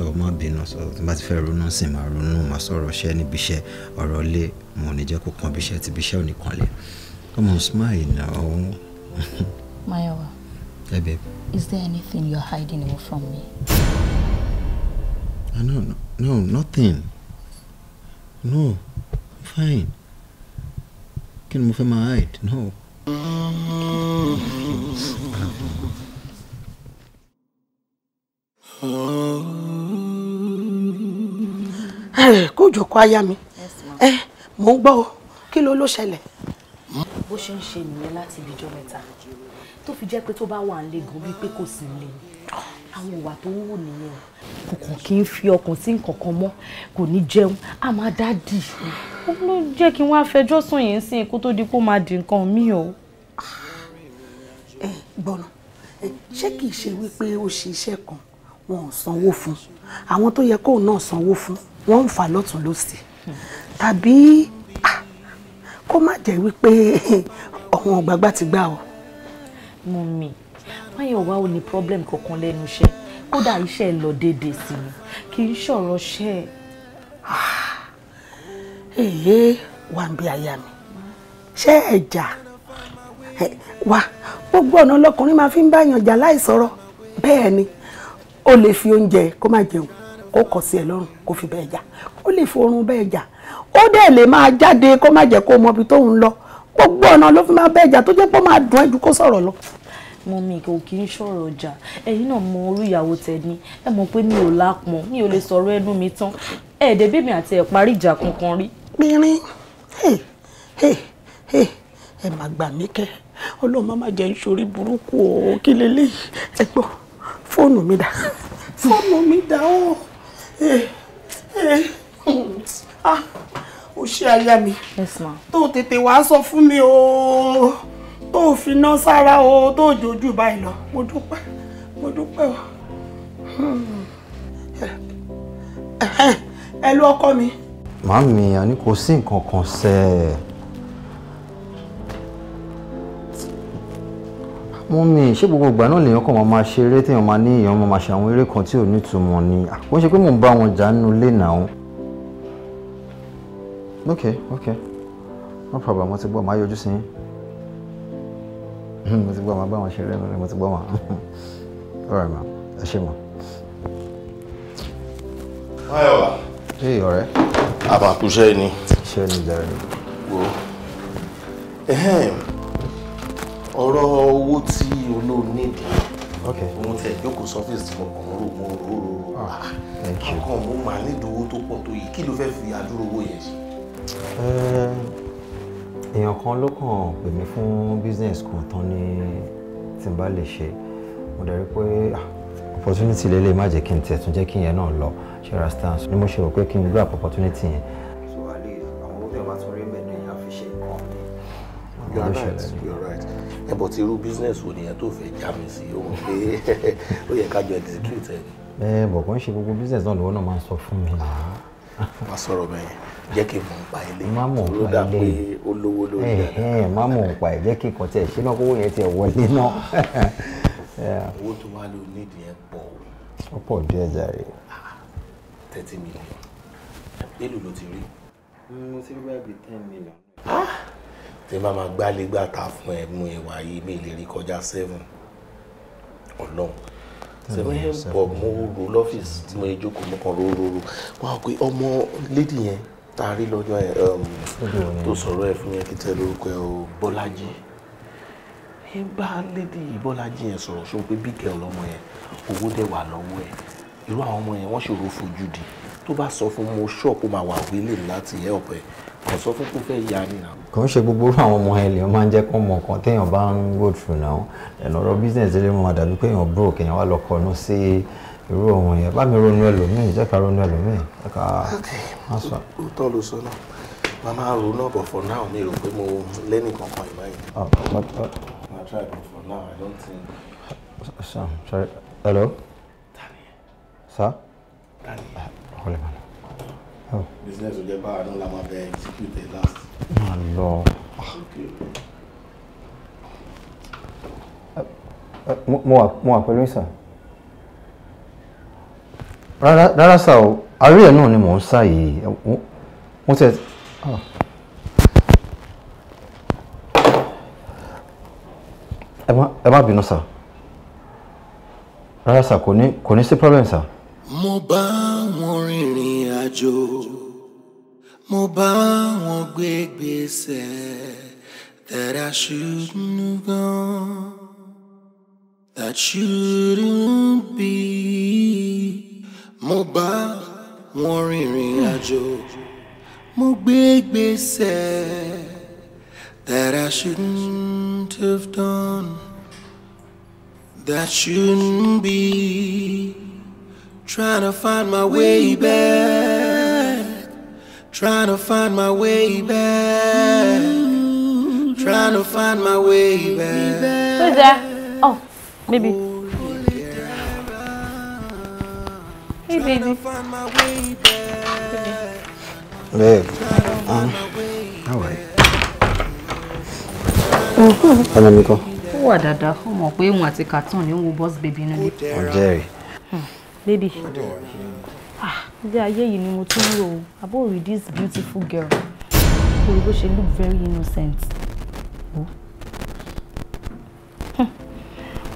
so má bínú so tí bá ti fẹ́ ronú sí máa ronú máa sọ̀rọ̀ iṣẹ́ níbi iṣẹ́ ọ̀rọ̀ ilé mo ò ní jẹ́ kó kan bí iṣẹ́ tí bí iṣẹ́ ò ní kan lé come on smile now. Mayowa. Hey babe. Is there anything you're hiding away from me? Uh, no, no, no, nothing. No, fine. Kí ni mo fẹ́ máa hide? No. kó jòkó aya mi eh, mò ń gbọ́ o kí ló ló ṣẹlẹ̀. bó ṣe ń ṣe nìyẹn láti ibìjọ mẹ́ta tó fi jẹ́ pé tó bá wà ń lé gan bíi pé kò sí ń lé àwọn ìwà tó wù nìyẹn kò kàn kí n fi ọkàn sí nǹkan kan mọ́ kò ní jẹun á máa dá dì ó ló jẹ́ kí wọ́n á fẹjọ́ sùn yẹn sí kó tó di kó máa di nǹkan mí o. ẹ eh, gbọ́nà eh, ṣé kìí ṣe wípé ó ṣe iṣẹ́ kan wọn ò sanwó fún àwọn tó yẹ kóun náà sanwó fún wọn ń fà lọ́tún lọ́sì tàbí ah, kó má jẹ́ wípé ọ̀hún ọ̀gbàgbà ti gbà ọ́. mummy Máyọ̀wá ò ní problem kankan lẹ́nu iṣẹ́ kódà iṣẹ́ lọ déédéé sí ni kì í ṣọ̀rọ̀ ṣẹ́ ẹ̀. èyí ah, wà ń bí aya mi ṣé ẹ̀jà wà gbogbo ọ̀nà ọlọ́kùnrin máa fi ń báyàn jà láì sọ̀rọ̀ bẹ́ẹ̀ ni ó lè fi oúnjẹ kó má jẹun kó kọ̀ sí ẹ lọ́rùn kó fi bẹ́ẹ̀ jà ó lè forun bẹ́ẹ̀ jà ó dẹ̀ lè máa jáde kó má jẹ́ kó mọ ibi tóun lọ gbogbo ọ̀nà ló fi máa bẹ́ẹ̀ jà tó jẹ́ pé ó máa dùn ẹ́ ju kó sọ̀rọ̀ lọ. mo mi kò kì í sọ̀rọ̀ ọjà ẹ̀yin náà mọ orí ìyàwó ni? ẹ mọ̀ pé mi ò lápọn mi ò lè sọ̀rọ̀ ẹnu mi tán ẹ̀ẹ́dẹ̀ bèbè àti ẹ̀ parí ìjà kankan rí. pínrín ẹ má gbà mí kẹ́ má jẹ́ ń burúkú o kí lélẹ́yìí ẹ gbọ́ fóònù mi dà fóònù mi dà ó eh, eh. Ah, ó ṣe aya mi tó tètè wàá sọ fún mi o tó fi ná sára o tó jòjú báyìí lọ mo dúpẹ́ mo dúpẹ́ o. Hmm. Eh, ẹ lú ọkọ mi. màámi a ní kò sí nǹkan kan sẹ́ẹ̀. mummy ṣé gbogbo ìgbà náà lèèyàn kàn máa máa ṣe eré téèyàn máa ní èèyàn máa máa ṣe àwọn eré kan tí ò nítumọ̀ ni kò ń pé mò ń bá wọn jà nínú ilé náà. ok ok no problem mo ti gbọ́ màá yọjú sí yín mo ti gbọ́ màá bá wọn ṣe eré mo ti gbọ́ màá alright ma ẹ ṣe mọ. ayọ̀wá. ee ọ̀rẹ́. àbàkùṣe ni. ṣé ni jàre. wo ọ̀rọ̀ owó tí olóòní dì òun tẹ̀ jókòó sọ́fíìsì tí mo kàn ń rò mo rò rò àkàn ah, ah, mo máa nídìí owó tó pọ̀ tó yìí kí ló fẹ́ fi àdúrò owó yẹn ṣe. Eh, èèyàn kan ló kàn pè mí fún business kan tán ní tí n bá lè ṣe mo dẹ̀ rí pé ah, opportunity lélẹ̀ má jẹ́ kí n tẹ̀ tún jẹ́ kí yẹn náà lọ ṣe ra stance ni mo ṣe rò pé kí n grab opportunity yẹn. so àlè àwọn owó tẹ̀ bá tún rí mẹ́rin yẹn fi ṣe nǹkan mi. yóò ṣẹlẹ̀ ẹ̀bọ̀ tí irú business wo nìyẹn tó fẹ́ já mi sí o mọ̀ pé ó yẹ ká jọ execute ẹ̀ ni. ẹ bọ̀ kò ṣe gbogbo business náà lọ́wọ́ náà máa ń sọ fún mi. má sọ̀rọ̀ bẹ́ẹ̀ jẹ́ kí n mọ̀ nípa ilé má mọ̀ nípa ilé ó lówó lórí ẹ̀ má mọ̀ nípa ẹ̀ jẹ́ kí nǹkan tiẹ̀ ṣe náà kówó yẹn tiẹ̀ wọlé náà. owó tó wá lò ní ìdíyẹn pọ̀ o. ó pọ̀ díẹ̀ jàre. Ah, thirty million. èlò ló ti rí. Hmm, mo ti rí báyìí ten million. Ah! tí n bá máa gbálé gbà ta fún ẹ mú ìwà yìí mi lè rí kọjá seven ọlọ́run seven years bọ̀ mo rò lọ́fíìsì tí mo jókòó mo kàn róróró wọn pe ọmọ lady yẹn tá a rí lọ́jọ́ ẹ̀ um, tó sọ̀rọ̀ ẹ̀ fún yẹn kí tẹ́ lórúkọ ẹ̀ o bọ́lájí ẹ bá lady bọ́lájí yẹn sọ̀rọ̀ sọ pé big girl ọmọ yẹn owó dẹ̀ wà lọ́wọ́ ẹ̀ irú àwọn ọmọ yẹn wọ́n ṣòro fojú di tó bá sọ fún mo ṣọ́ọ̀pù máa wà wílé láti help ẹ̀ kò sọ fún kó fẹ́ yà ni náà. kò ń ṣe gbogbo àwọn ọmọ ẹlẹ́yìn máa ń jẹ́ kó mọ nǹkan téèyàn bá ń go through náà ẹ̀lọ́rọ̀ business lè mọ àdàlú pé èèyàn broke èèyàn wá lọ kọnu sí irú ọ̀hún yẹn bá mi ronú ẹlòmíì jẹ́ ká ronú ẹlòmíì jẹ́ ká má sọ. ó tọ́ ló sọ náà màmá ronú ọ̀bọ̀ for now mi rò pé mo lẹ́nì kankan ìmọ̀ yìí. I ah, tried for now I don't think. Sam, sorry. Hello? Daniel. Sir? Daniel. Uh, Oh. business ò jẹ́ báwa náà la máa bẹ execute last. máa oh, lọ. Uh, uh, mo wà mo wà pẹ̀lú ìsà rárá sá o àárẹ̀ ẹ̀ náà ni mò ń sá yìí mo ah. ẹ má bínú sá rárá sá kò ní sí problem sá. mo bá wọn rìnrìn àjò mo bá wọn gbé gbèsè that I shouldn't have gone that shouldn't be mo bá wọn rìnrìn àjò mo gbé gbèsè that I shouldn't have done that shouldn't be. Trying to find my way back. Trying to find my way back. Trying to find my way back. Who's there? Oh, baby. Oh, hey, baby. Babe, um, how are you? Hello, Miko. Ó oh, wà dáadáa, ó mọ̀ pé òun àti Cartoon ni ó ń wo Boss Baby nínú. Ọ̀jẹ̀ rẹ̀ lady ah ilé are yìí ni mo about with this beautiful girl kò rí bó look very innocent oh.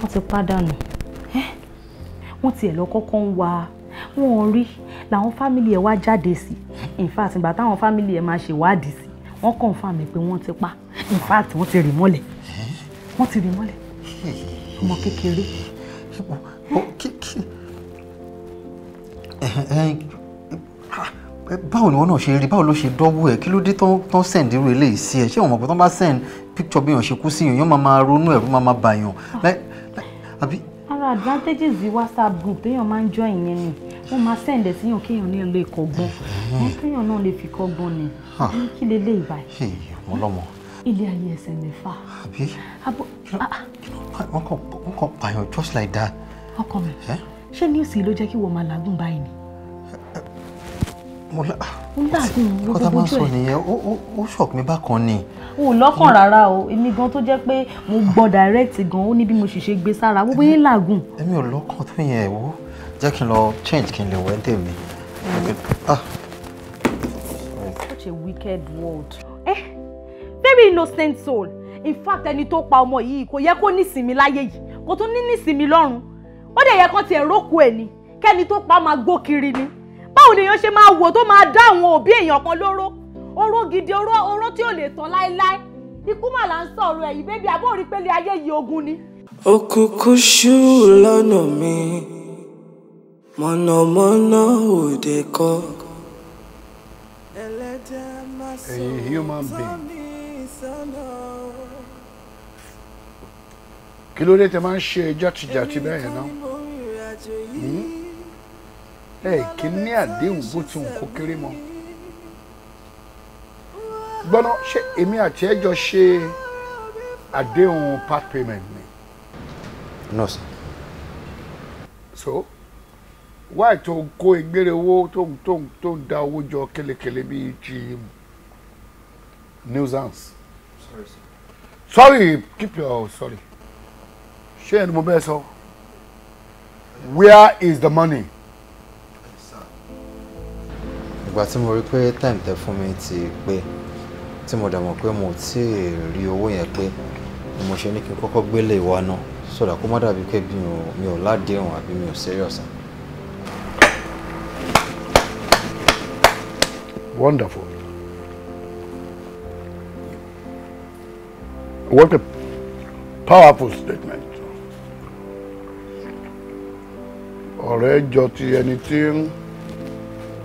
wọ́n ti pàdánù wọ́n tiẹ̀ lọ kọ́kọ́ ń wá wọ́n rí làwọn fámìlì ẹ̀ wá jáde sí in fact ìgbà táwọn fámìlì ẹ̀ máa ṣèwádìí sí wọ́n confirm We want to. pa in fact wọ́n ti rì mọ́lẹ̀ wọ́n ti rì mọ́lẹ̀ ọmọ kékeré báwo ni wọn náà ṣe rí báwo ló ṣe dọ́wọ́ ẹ̀ kí ló dé tán send irú eléyìí sí ẹ ṣé wọn mọ̀ pé tán bá send picture bí yàn ṣe kú sí yàn yàn máa máa ronú ẹ̀rú máa máa bàyàn. ara advantages WhatsApp group téèyàn máa ń jọ ìyẹn ni wọn máa send ẹ síyàn kéèyàn ní lè kọ́gbọ́n wọn kéèyàn náà lè fi kọ́gbọ́n ni kí lè lè ìbà yìí. wọn lọmọ. ilé ayé ẹsẹ̀ mẹ́fà. àbí ah, ah. wọ́n kàn pààyàn just like that. ọkọ mi ṣé news yìí ló jẹ́ kí wọ́n máa làágùn báyìí ni. mo la kọ́tà máa sọ nìyẹn ó shock mi bákan ni. o lọ́kàn rárá o èmi gan tó jẹ́ pé mo gbọ́ direct gan ó ní bí mo ṣì ṣe gbé sára wọ́n bóyá làágùn. èmi ò lọ́kàn tó yẹn wò jẹ́ kí n lọ change kí n lè wẹ́ tèmi. Ah. such a wicked world. Eh? very innocent soul in fact ẹni tó pa ọmọ yìí kò yẹ kó nísinmi láyé yìí kò tún ní nísinmi lọ́run ó dẹ̀ yẹ kán tiẹ̀ rókò ẹ̀ ni kẹ́ni tó pa máa gbó kiri ni báwo ni èèyàn ṣe máa wò tó máa dá àwọn òbí èèyàn kan lóró oró gidi oró tí ò lè tán láéláé ikú mà là ń sọ̀rọ̀ ẹ̀yìn bébí àbó rí pé ayé yìí ogun ni. òkùnkùn ṣú lọ́nà mi mọ̀nàmọ́ná òde kọ́. ẹ̀yin human being kí ló dé tẹ máa ń ṣe játijàti bẹ́ẹ̀ náà hmm? ẹ kì í ní àdéhùn bó ti hùn kó kéré mọ́ gbọ́nà ṣé èmi àti ẹ jọ ṣe àdéhùn part payment ni. no sir. so wáì tó ń kó ìgbére owó tó ń tó ń tó ń da owó jọ kélekèle bíi ti nuisance. sorry keep your sorry ṣé ẹni mo bẹ́ẹ̀ sọ where is the money. ìgbà tí mo rí pé time tẹ fún mi ti pé tí mo dẹ̀ pé mo ti rí owó yẹn pé ni mo ṣe ní kí n kọ́kọ́ gbélé ìwà náà sọ̀dà kó má dàbí pé mi ò ládéhùn àbí mi ò serious. wonderful. What a powerful statement. ọ̀rẹ́ jọ ti ẹni tí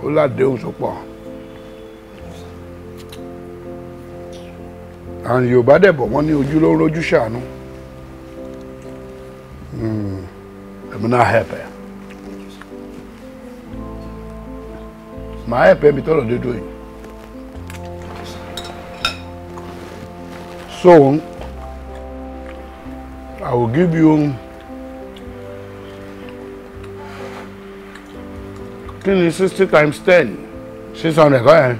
ó ládéhùn sopọ̀ àwọn Yorùbá dẹ̀ bọ̀ wọ́n ní ojú ló ń rojú ṣàánú èmi náà help ẹ màá help ẹ mi tọrọ dédú yìí so I will give you. kí ni sixty times ten six hundred kọ́ yẹn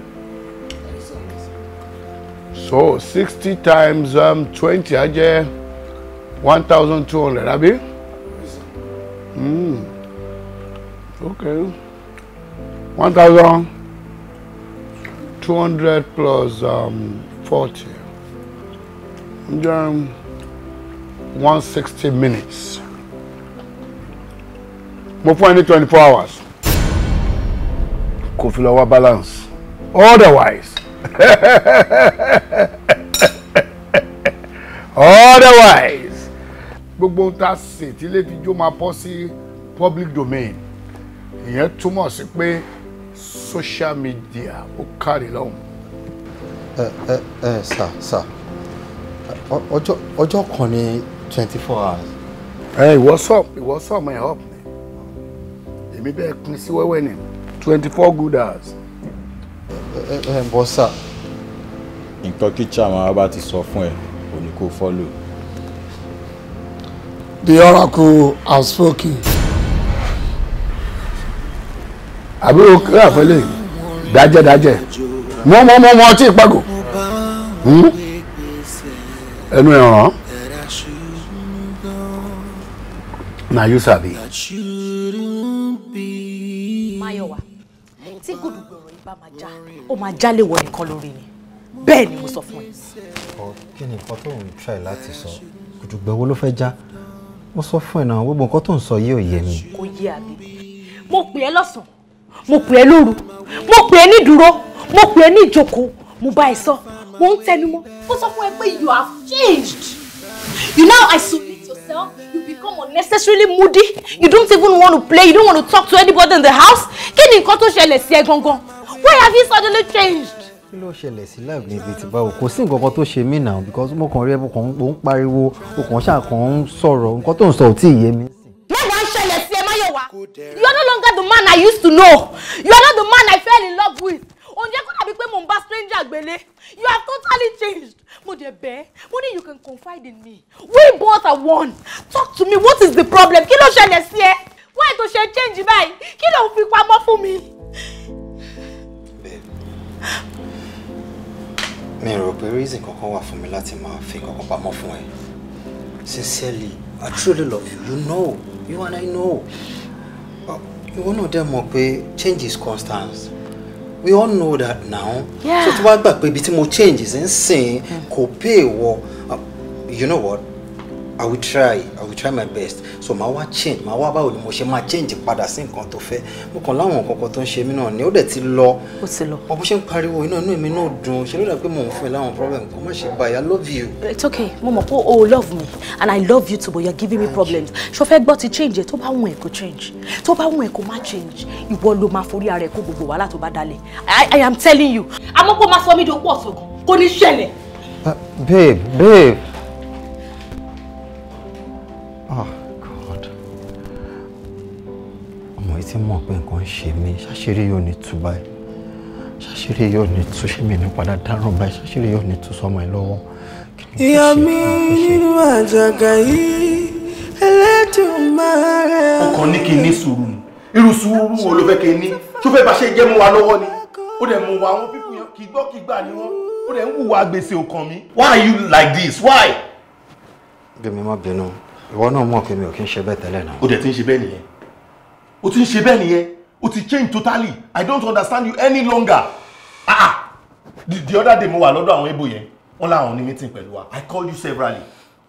so sixty times um, twenty á jẹ́ one thousand two hundred àbí hmm. okay one thousand two hundred plus um, forty um, jẹ́ one sixty minutes mo fún ẹ ní twenty four hours kò lọ wá balance otherwise otherwise gbogbo ohun tá a ṣe tí ilé fi jó máa bọ́ sí public domain ìyẹn túmọ̀ sí pé social media ó kárí lọ́hùn. ẹ ẹ ẹ sà sà ọjọ́ ọjọ́ kan ní twenty four hours. ẹ ìwọ sọ ìwọ sọ ọmọ ẹ ọp ni èmi bẹ́ẹ̀ pín sí wẹ́wẹ́ ni twenty-four good hours. ẹ ẹ bọ́ sà. nǹkan kí chairman wa bá ti sọ fún ẹ ò ní kó follow. the oracle has spoken. àbúrò kíkọ́ àfẹ́lẹ́ dájẹ́dájẹ́ mọ́mọ́mọ́mọ́ ọtí ìpàgọ́ hmm? ẹnu ẹ̀ràn na you sabi. tí gbòdùgbò ọ̀rọ̀ yìí bá máa já ó máa jálè wọ nìkan lórí ni bẹ́ẹ̀ ni mo sọ fún ẹ. ọ kí ni nǹkan tó ń try láti sọ gbòdùgbò wo ló fẹ́ já mo sọ fún ẹ náà gbogbo nǹkan tó ń sọ yìí ò yé mi. kò yé àbí mo pè ẹ́ lọ́sàn-án mo pè ẹ́ lóru mo pè ẹ́ ní mo pè ẹ́ ní ìjókòó mo bá ẹ sọ mo ń tẹnu mọ́ mo sọ fún ẹ pé you have changed you now I saw yourself, you become unnecessarily moody. You don't even want to play, you don't want to talk to anybody in the house. Kí ni nǹkan tó ṣẹlẹ̀ Why have you suddenly changed? kí ló ṣẹlẹ̀ sí láàbù níbi tí báwo kò sí nǹkan kan tó ṣe mí náà because mo kàn rí ẹbùn kan ò ń pariwo o kàn ṣáà kàn ń sọ̀rọ̀ nǹkan tó ń sọ ò tí ì yé mi. mẹ́wàá ń ṣẹlẹ̀ sí ẹ máyọ̀wá you are no longer the man I used to know you are not the man I fell in love with ǹjẹ́ kó dàbí pé mò ń bá stranger gbélé you have totally changed mo dẹ̀ bẹ́ẹ̀ mo ní you can confide in me we both are one talk to me what is the problem kí ló ṣẹlẹ̀ sí ẹ why tó ṣe change báyìí kí ló ń fi pamọ́ fún mi. mi rò pé reason kankan wà fún mi láti máa fi kankan pamọ́ fún ẹ sincerely i truly love you you know you and i know ìwọ náà dẹ̀ mọ̀ pé change is constant we all know that now. Yeah. so to wàá back, pé ibi tí mo change sí ń sìn kò pay wọ uh, you know what I will try I will try my best so my wá change màá wá báwo ni mo ṣe máa change padà sí nǹkan to fẹ́ mo kàn láwọn nǹkan kan tó ń ṣe mí náà ni ó dẹ̀ ti lọ ó ti lọ mo bó ṣe ń pariwo inú inú mi náà dùn ṣe ló dà pé mò ń fún ẹ láwọn problem kò má ṣe báyìí I love you. it's okay mo mọ̀ pé o love me and I love you too but you're giving me problems ṣo fẹ́ gbọ́ ti change tó bá wù ẹ́ kó change tó bá wù ẹ́ kó má change ìwọ ló máa forí ara ẹ kó gbogbo wàhálà tó bá dalẹ̀ I, I am telling you àmọ́ kó máa sọ mí di opó ọ̀sọ̀gùn kò ní ṣẹlẹ̀. Uh, babe babe yìí ti mọ̀ pé nǹkan ń ṣe mí ṣàṣírí yóò ní tú báyìí ṣàṣírí yóò ní tú ṣé mi ní padà dáràn báyìí ṣàṣírí yóò ní tú sọmọ ẹ lọ́wọ́. ìyá mi nínú àjàgà yìí Ẹlẹ́dùmarè. ọkàn ní kí n ní sùúrù ni irú sùúrù wo ló fẹ́ kí n ní tó fẹ́ bá ṣe jẹ́ mú wa lọ́wọ́ ni ó dẹ̀ mú wa àwọn pípọ̀ yẹn kì í gbọ́ kì gbà ní wọn ó dẹ̀ ń wù wá gbèsè ọkàn mi. why you like this why. gbèmí má bínú ìwọ náà mọ̀ pé mi ò kí ń ṣe bẹ́ẹ̀ tẹ́lẹ̀ náà. ó dẹ̀ ti ń ṣe bẹ́ẹ̀ nìyẹn o ti ń ṣe bẹ́ẹ̀ nìyẹn o ti change totally i don't understand you any longer ah, ah. the, the other day mo wà lọ́dọ̀ àwọn ebo yẹn wọ́n láwọn ní meeting pẹ̀lú wa i called you severally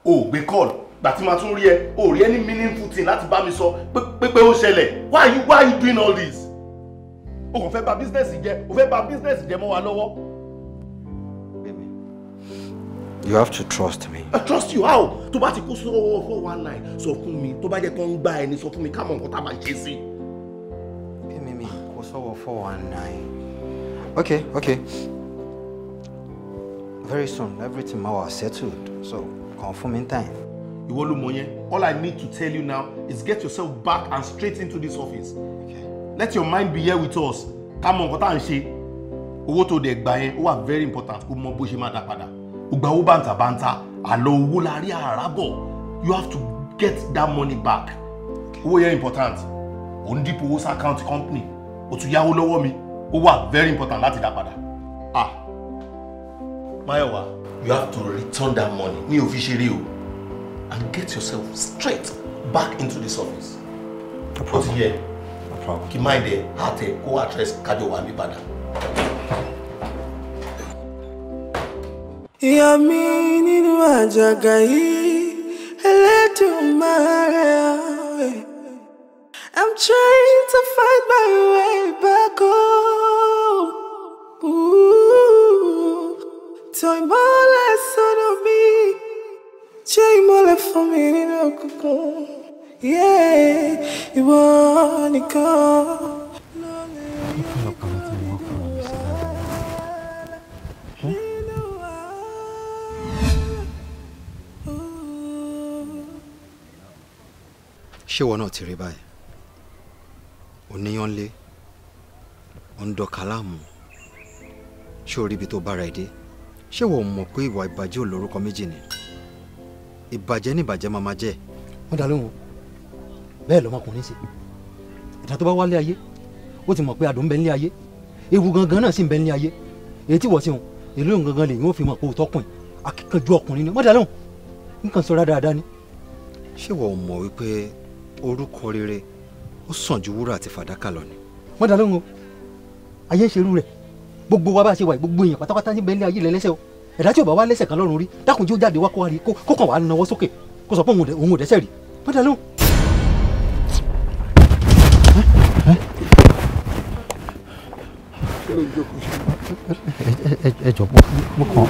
o oh, gbé call gbà tí ma tún rí ẹ o rí any meaningful thing láti bá mi sọ pé pé ó ṣẹlẹ̀ why you why you doing all this o kàn fẹ́ bà business jẹ́ o fẹ́ bà business jẹ́ mọ́ wa lọ́wọ́. You have to trust me. I trust you how? To bá ti kó sọ́wọ́ four one nine So fún mi. to bá jẹ́ tó ń gba ẹni sọ fún mi ká mọ̀ nǹkan tá a máa ṣe sí. mi mi kó sọ́wọ́ four one nine. Okay, okay. Very soon everything ma wa settled so confirm in time. Ìwọ ló mọ yẹn. All I need to tell you now is get yourself back and straight into this office. Okay. Let your mind be here with us. Ká mọ̀ nǹkan tá à ń ṣe. to tó dẹ̀ gbà yẹn ó very important kó mọ bó ṣe máa dá padà ó gba owó bàǹtàbàǹtà àlọ́ owó la rí you have to get that money back owó yẹn important ò ń dípò owó sí account company ó tún yáwó lọ́wọ́ mi ó wà very important láti dá padà ah Mayowa you have to return that money mi ò fi ṣeré o and get yourself straight back into the office ó ti yẹ kí máa dẹ àtẹ kó address kájọ wà ní Yamini wajaga hii Eletu I'm trying to find my way back home Toimole sonomi Chaimole famini no kuku Yeah, you want to go ṣé ìwọ náà ti rí báyìí oníyanlé ọ̀ndọ̀ ṣé o rí ibi tó bára ẹ dé ṣé ìwọ mọ̀ pé ìwà ìbàjẹ́ ò lórúkọ méjì ni ìbàjẹ́ ní ìbàjẹ́ máa máa jẹ́. wọ́n dá lóhùn bẹ́ẹ̀ lọ́mọkùnrin sí ìdá tó bá wálé ayé ó ti mọ̀ pé adùn ń bẹ nílé ayé ewu gangan náà sì ń bẹ nílé ayé èyí tí wọ́n ti hùn èlò ìhùn gangan lè yóò fi mọ̀ pé òótọ́ kùn akíkanjú ọkùnrin ni wọ́n dá lóhùn nǹkan sọ orúkọ rere ó sàn ju wúrà àti fàdákà lọ ni. wọ́n dá lóhùn o ayé ṣerú rẹ̀ gbogbo wa bá ṣe wà gbogbo èèyàn pátápátá ní bẹ́ẹ̀lì ayé rẹ̀ lẹ́sẹ̀ o ẹ̀dá tí ò bá wá lẹ́sẹ̀ kan lọ́rùn rí dákun jí ó jáde wá kó wá rí kó kàn wá nawọ́ sókè kó sọ pé òun ò dẹ́sẹ̀ rí wọ́n dá lóhùn. ẹ jọ mo kàn.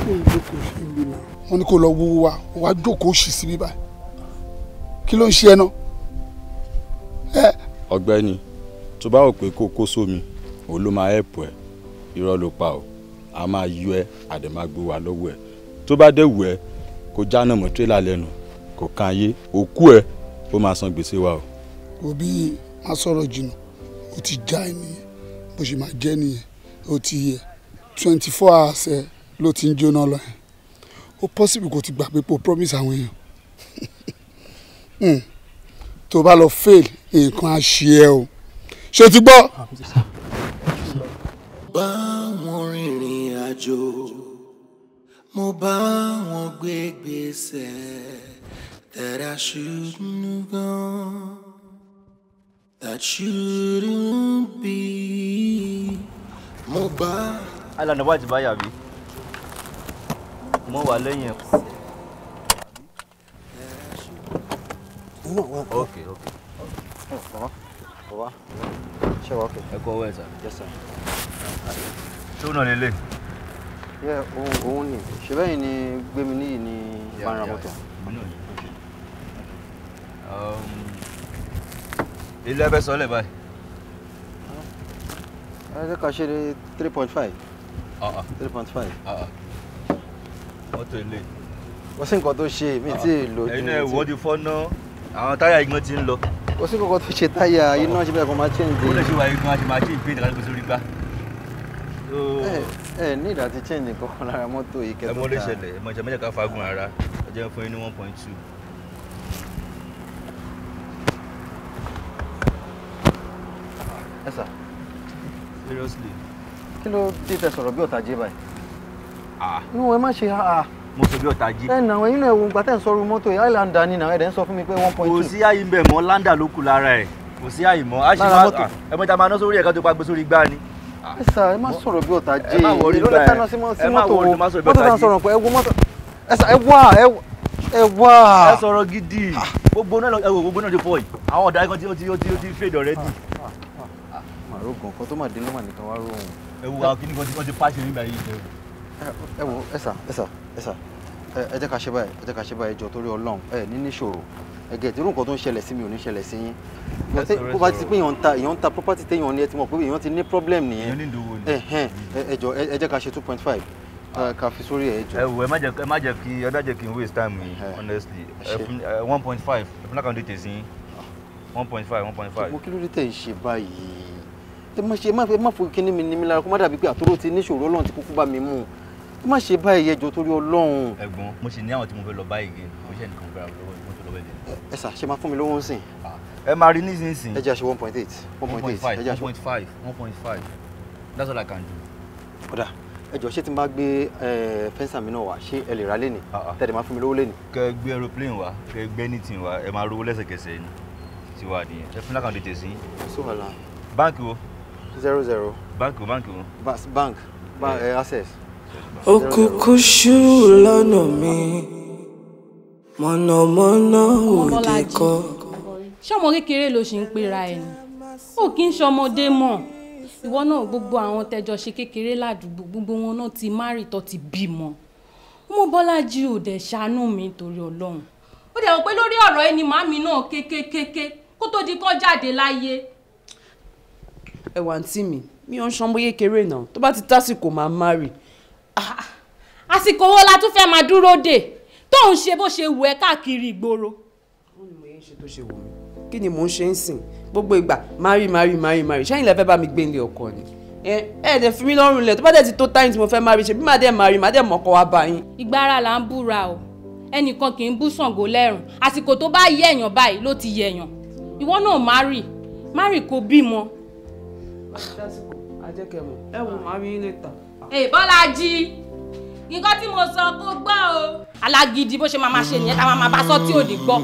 wọ́n ní kó lọ wo wa wàá jókòó sí síbí báyìí kí ló ń ṣe ẹ náà. ọ̀gbẹ́ni tó bá wò pé kó kó sómi òun ló máa ẹ̀pù ẹ̀ irọ́ ló pa ọ́ a máa yọ ẹ́ àdèmá wa lọ́wọ́ ẹ̀ tó bá dé wù ẹ́ kó jáná mọ́ tírélà lẹ́nu kò kan ayé òkú ẹ̀ ó máa san gbèsè wa o. òbí máa sọ̀rọ̀ jìnnà ó ti já ẹ bó ṣe máa jẹ́ nìyẹn ó ti yẹ twenty four hours ẹ ló ti ń jóná lọ yẹn ó possible kó ti gbà pé kó promise àwọn èèyàn hmm. tó bá lọ fail nǹkan á ṣe ẹ o ṣe ti gbọ́. bá wọn rìnrìn àjò mo bá wọn gbé gbèsè that I shouldn't go, that shouldn't be. Mo bá. Alànà wájú báyà bí. Mo wà lẹ́yìn ẹ̀kọ́. Ok, ok. Mama, baba, ṣé wàá kẹ́? Ẹ kọ Yes sir. Ṣé ó nà lélẹ̀? Yẹ òun ni. Ṣé bẹ́ẹ̀ ni Gbémi níyì ni Bánra mọ́tò? Ilé ẹbẹ̀ sọ́lẹ̀ báyìí. Ẹ jẹ́ ká ṣe three point five. three point five. Mọ́tò ilé. Wọ́n sì nǹkan tó ṣe mí tí èlò. Ẹ̀yin kò sí kòkó tó ṣe táyà iná ṣe bẹ́ẹ̀ kó máa change. ó lè ṣe wà yìí gan-an ṣe máa change paint àti gbèsè orí gbá. ẹ ẹ ní ìdá ti change kankan lára mọ́tò yìí kẹtọ́ ta. ẹ mọ lè ṣẹlẹ̀ ẹ fagun ara ẹ jẹ́ fún yín ní one point two. ẹ sà. seriously. kí ló dé tẹ sọ̀rọ̀ bí ọ̀tá jẹ́ báyìí. ah. inú ẹ má ṣe ah mo sọ bí ọ̀tá jí. ẹ nà ẹyin náà wo gbàtẹ́ ń sọrú mọ́tò yìí highlander ni náà ẹ̀ dẹ̀ ń sọ fún mi pé one point two. kò sí àyè mbẹ̀ mọ́ lander ló kù lára ẹ̀ kò sí àyè mọ́ a sì máa ẹ̀mọ́ ìta máa ná sórí ẹ̀ka tó pa gbé sórí gbá ni. ẹ sà ẹ má sọ̀rọ̀ bí ọ̀tá jí èló lè tẹ́ ná sí mọ́tò wo mọ́tò tá ń sọ̀rọ̀ pé ẹ wo mọ́tò ẹ sà ẹ wá ẹ sọ̀rọ̀ gidi gbogbo náà ẹ wò gbogbo náà ti fọ yìí àwọn ọ̀dà kan ti ti ti fade already. màrò gan kan tó mà dé ló mà nìkan wá rò wọn. ẹ wo àwọn kìnnìkan tí wọ́n ti pàṣẹ nígbà yìí ẹ wo ẹ sà ẹ sà ẹ sà ẹ jẹ́ ká ṣe báyìí ẹ jẹ́ ká ṣe báyìí jọ torí ọlọ́run ẹ ní níṣòro ẹgẹ ìdúró nǹkan tó ń ṣẹlẹ̀ sí mi ò ní ṣẹlẹ̀ sí yín bó bá ti pé èèyàn ń ta èèyàn ń ta property téèyàn ní ẹ ti mọ̀ pé èèyàn ti ní problem nìyẹn ẹ jọ ẹ jẹ́ ká ṣe two point five ká fi sórí ẹ jọ. ẹ wò ẹ má jẹ kí ẹ jẹ kí n waste time yìí honestly one point five ẹ fúnra kan dìtẹ̀ sí one point five one point five. mo kí ló dé tẹ̀ má ṣe báyìí ẹjọ́ torí Ọlọ́run. ẹ̀gbọ́n mo sì ní àwọn tí mo fẹ́ lọ báyìí gé mo ṣe nìkan gbára lọ́wọ́ mo tó lọ́wọ́ ẹ̀dẹ̀. ẹ sà ṣe máa fún mi lówó ń sìn. Ah, ẹ máa rí nísinsìnyí. ẹ jẹ́ àṣẹ one point eight one point eight ẹ jẹ́ àṣẹ one point five one point five that's all I can do. ọ̀dà ẹjọ́ ṣé tí n bá gbé fẹ́ǹsà mi náà wá ṣé ẹ lè ra lẹ́nì tẹ̀lé máa fún mi lówó lẹ́nì. kẹ gbé aeroplane wa kẹ gbé anything wa ẹ máa rówó lẹ́sẹ̀kẹsẹ̀ ni ti wa nìyẹn ẹ fún lákàndé tèsí. sọ́wọ́n la. báńkì wo. zero zero. báńkì wo báńkì wo. bank bank eh. eh, access òkùnkùn ṣú lọ́nà mi mọ̀nàmọ́ná òde kọ́. ṣọmọ kékeré ló ṣì ń pera ẹ ni ó kì í ṣọmọdé mọ́ ìwọ náà gbogbo àwọn tẹjọ ṣe kékeré ládùúgbò gbogbo wọn náà ti márì tó ti bímọ mo Bọ́lájí ò dẹ̀ ṣàánú mi torí Ọlọ́run ó dẹ̀ wọ́n pé lórí ọ̀rọ̀ ẹni màmí náà kékékéké kó tó di kán jáde láyé. ẹ̀wà àǹtí mi mi ò ń ṣan bóyé kéré náà tó bá ti tásìkò máa márì Ah, àsìkò wo la tún fẹ́ máa dúró dè tó ń ṣe bó ṣe wù ẹ́ káàkiri ìgboro. wọ́n ní mo yẹn ń ṣe tó ṣe wù mí kí ni mò ń ṣe ń sìn gbogbo ìgbà mari mari mari mari ṣẹ́yìn lẹ́fẹ́ bá mi gbé ilé ọkọ ni ẹ ẹ dẹ̀ fi mí lọ́rùn lẹ̀ tó bá dẹ̀ ti tó táyìn tí mo fẹ́ mari ṣe bí má dẹ̀ mari má dẹ̀ mọ̀kọ́ wá bá yín. ìgbára là ń búra o ẹnìkan kì í bú Ṣàngó lẹ́rùn àsìkò tó bá yẹ èèyàn báyìí ló ti yẹ èèyàn ìwọ náà mari mari kò bímọ. àjẹkẹ̀mọ̀ ẹ wò mari later. Èè Bọ́lájí nǹkan tí mo sọ kó gbọ́ o. alágídí bó ṣe máa máa ṣe nìyẹn táwọn máa bá sọ tí ò ní gbọ́.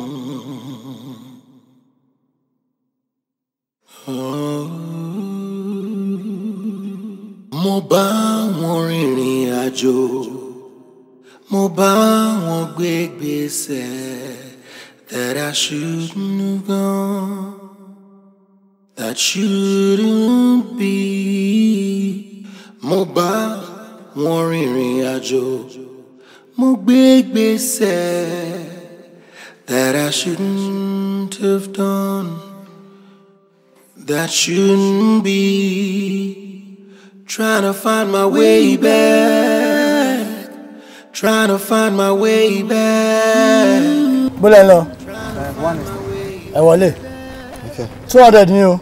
mo bá wọn rìnrìn àjò mo bá wọn gbé gbèsè that I shouldn't have gone that shouldn't be mo bá wọn rìnrìn àjò mo gbé gbèsè that I shouldn't have done that shouldn't be trying to find my way back trying to find my way back. bólẹ̀ lọ ẹ wọlé two hundred ni o.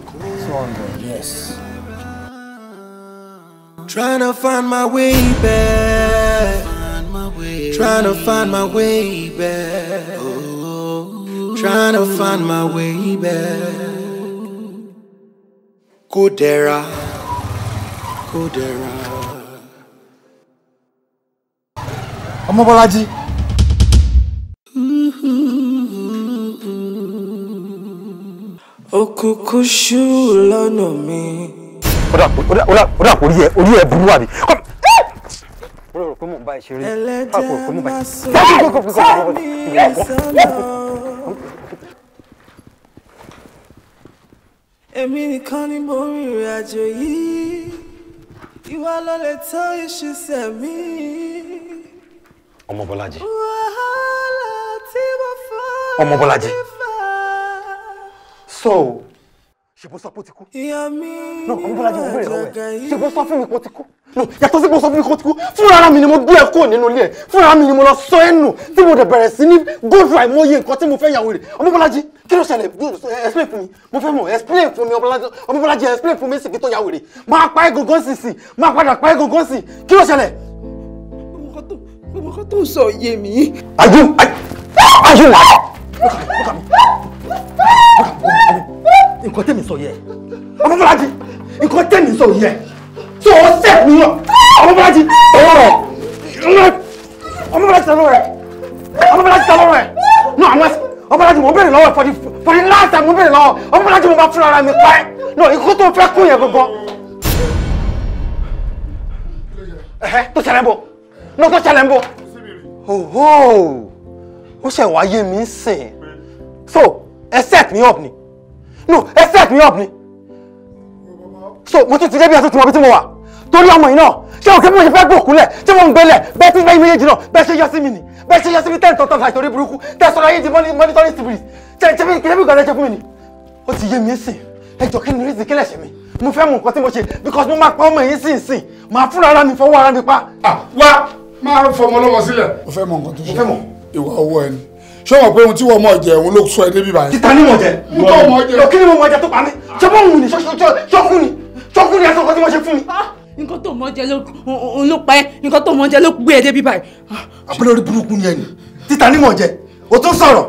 two hundred. Trying to find my way back. Trying to find my way back. Trying to find my way back. Kodera. Kodera. Ọmọbọ́lájí. Òkùnkùn ṣú lọ́nà mi ó dà kó orí ẹ burú àbí. mo rò pé mo bá ìṣeré káàkó rò pé mo bá ìṣeré. èmi nìkan ni mo rin ìrìn àjò yìí ìwà ló lè tó ìṣiṣẹ́ mi. ọmọ Bọ́lájí. wàhálà tí mo fọ́. ọmọ Bọ́lájí. so ṣèbó sọ pé ó ti kú. ìyá mi ní ọjà kẹyìn. ṣèbó sọ fún mi pé ó ti kú. yàtọ̀ sí pé sọ fún mi pé ó ti kú fúnra mi ni mo gbé ẹ nínú ilé ẹ fúnra mi ni mo lọ sọ ẹ nù tí mo dẹ̀ bẹ̀rẹ̀ sí ní góòdù àìmọye nǹkan tí mo fẹ́ yàwó rẹ̀ ọmọbọ́lájí kí ló ṣẹlẹ̀ explain fún mi mo fẹ́ mọ̀ explain fún mi ọmọbọ́lájí explain fún mi sì kí tó yàwó rẹ̀ máa pa egungun sì sì máa padà pa egungun sì kí ló ṣẹlẹ̀. ọmọ tó sọ nǹkan tẹ̀mí sọ yẹ ọmọ Bọ́lájí nǹkan tẹ̀mí sọ yẹ tó o sẹ̀ mí wọn ọmọ Bọ́lájí tọwọ́ rẹ̀ ọmọ Bọ́lájí tọwọ́ rẹ̀ ọmọ Bọ́lájí tọwọ́ rẹ̀ náà àwọn ẹsẹ̀ ọmọ Bọ́lájí mo bèrè lọ́wọ́ for the for the last time mo bèrè lọ́wọ́ ọmọ Bọ́lájí mo bá fúnra ara mi pa ẹ́ náà ikú tó fẹ́ kún yẹn gangan ẹ̀hẹ́ tó ṣẹlẹ̀ ń bọ̀ náà tó ṣẹlẹ̀ ń bọ̀ oho ó ṣẹ̀ wáyé mi ń sìn so ẹ me up ni no ẹ me up me. so mo tún ti débi àtúntò mọ̀ bí tí mo wà torí ọmọ yìí náà ṣé òkè bí mo ṣe fẹ́ gbòkú lẹ̀ tí mo ń gbélẹ̀ bẹ́ẹ̀ tí bẹ́ẹ̀ méjèèjì náà bẹ́ẹ̀ ṣe yọ sí mi nì bẹ́ẹ̀ ṣe yọ sí mi tẹ́ ìtọ́tọ́ láì torí burúkú tẹ́ sọ̀rọ̀ ayé di monitoring spirit ṣe ṣe fi kìlẹ́bí gan-an ṣe fún mi nì. ó ti yé mi ń sìn ẹjọ́ kí ni rí ìsìnkí lẹ̀ṣẹ̀ mi mo fẹ́ mọ nǹkan tí mo ṣe because mo máa pa ọmọ yìí sìn sìn máa fúnra ara mi fọwọ́ ara mi pa. Ah, wá máa fọmọ lọ́mọ sílẹ̀. mo fẹ́ mọ nǹkan tó ṣe ìwà ọwọ́ ẹni ṣé wọn pé ohun tí wọn mọ jẹ òun ló sọ ẹ débi báyìí. títa ni mo jẹ. mo tọ́ mọ jẹ. lọ́kí ni mo mọ jẹ tó pa mí. ṣọ́kùn ni ṣọ́kùn ni ṣọ́kùn ni ẹ̀sán kan tí wọ́n ṣe fún mi. Ah, nǹkan tó mọ jẹ ló pa ẹ nǹkan tó mọ jẹ ló gbé ẹ débi báyìí. àbúrò ah, orí burúkú ni ẹ títa ni mo jẹ o tún sọ̀rọ̀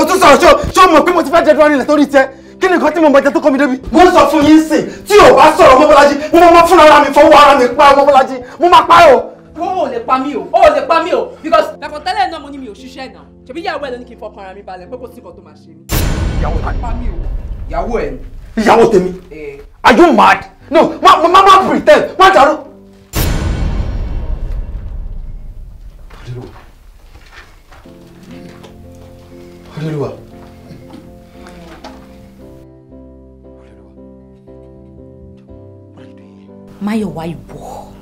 o tún sọ̀rọ̀ ṣé o mọ̀ pé mo ti fẹ́ jẹ dúró nílẹ̀ torí tẹ kí ni nǹkan tí mo mọ̀jẹ̀ tó kọ́ mi débi. mo sọ fún yín sìn tí ò bá sọ̀rọ̀ ọmọbọ́lájí mo máa fún ara mi fọwọ́ ara mi pa ọmọbọ́lájí mo máa pa ọ́. wọ́n ò lè pa mí o ò lè pa mí o because dàpọ̀ tẹ́lẹ̀ náà mo ní mi ò ṣiṣẹ́ náà ṣebí ìyàwó ẹ ló ní kí n fọkàn ara mi balẹ̀ pé kò sí nǹkan tó máa ṣe mí. ìyàwó ta ni ìyàwó ẹ ìyàwó tèmi are you mad no má má má pretend má dàrú. Hallelujah. Máyọ̀wá ìwọ,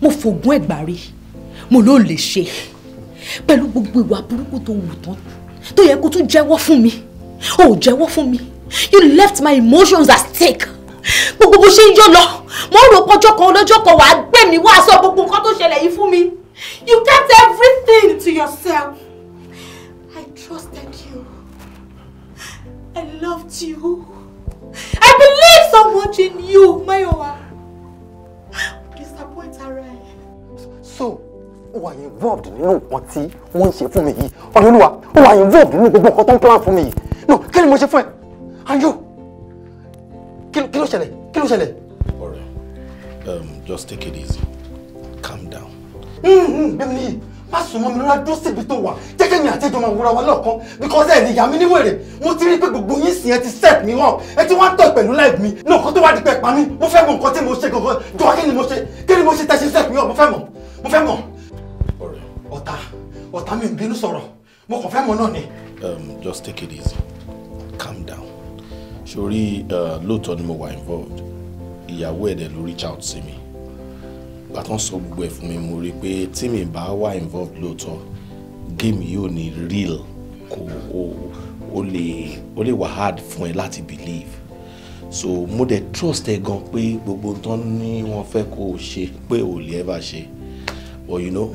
mo fògùn ẹ̀gbà rí, mo ló lè ṣe pẹ̀lú gbogbo ìwà burúkú tó wù tán tó yẹ kó tún jẹ́wọ́ fún mi ò jẹ́wọ́ fún mi you left my emotions at stake gbogbo bó ṣe ń yọ lọ mo rò pọ́jọ́ kan lọ́jọ́ kan wàá gbé mi wá sọ gbogbo nǹkan tó ṣẹlẹ̀ yìí fún mi you kept everything to yourself I trusted you I loved you I believed so much in you Mayowa disappoint ara ẹ. so ó wà involved nínú nǹkan tí wọ́n ń ṣe fún mi yìí ọ̀nà olúwa ó wà involved nínú gbogbo nǹkan tó ń plan fún mi yìí no kí ni mo ṣe fún ẹ ayo kí ló ṣẹlẹ̀ kí ló ṣẹlẹ̀. ọ̀rẹ́ um, just take it easy calm down. Mm-hmm, bẹ́ẹ̀ ni má sùn mọ́ mi lọ́la dúró síbi tó wà jẹ́kẹ́ mi àtẹ́jọ́ máa wúra wa lọ́ọ̀kan because ẹ̀ lè yà mí níwèrè mo ti rí pé gbogbo yín sìn ẹ ti set me hàn ẹ ti wá ń tọ̀ pẹ̀lú life mi ní nǹkan tó wá di pẹ́ pa mí mo fẹ́ mọ̀ nǹkan tí mo ṣe gangan jọ̀wọ́ kí ni mo ṣe kí ni mo ṣe tẹ́ set me hàn mo fẹ́ mọ̀ mo fẹ́ mọ̀ ọ̀tá ọ̀tá mi ò bínú sọ̀rọ̀ mo kàn fẹ́ mọ̀ náà ni. Um, just take it easy calm down sori uh, lóòótọ́ ni mo wà involved ìyàwó ẹ̀ dẹ̀ ló reach out sí mi gbàtàn sọ gbogbo ẹ̀ fún mi mo rí i pé tí mi bá wà involved lóòótọ́ game yóò ní real kò o o lè o lè wà hard fún ẹ láti believe so mo dẹ̀ trust ẹ gan pé gbogbo tán ni wọ́n fẹ́ kó o ṣe pé o lè ẹ ṣe but you know.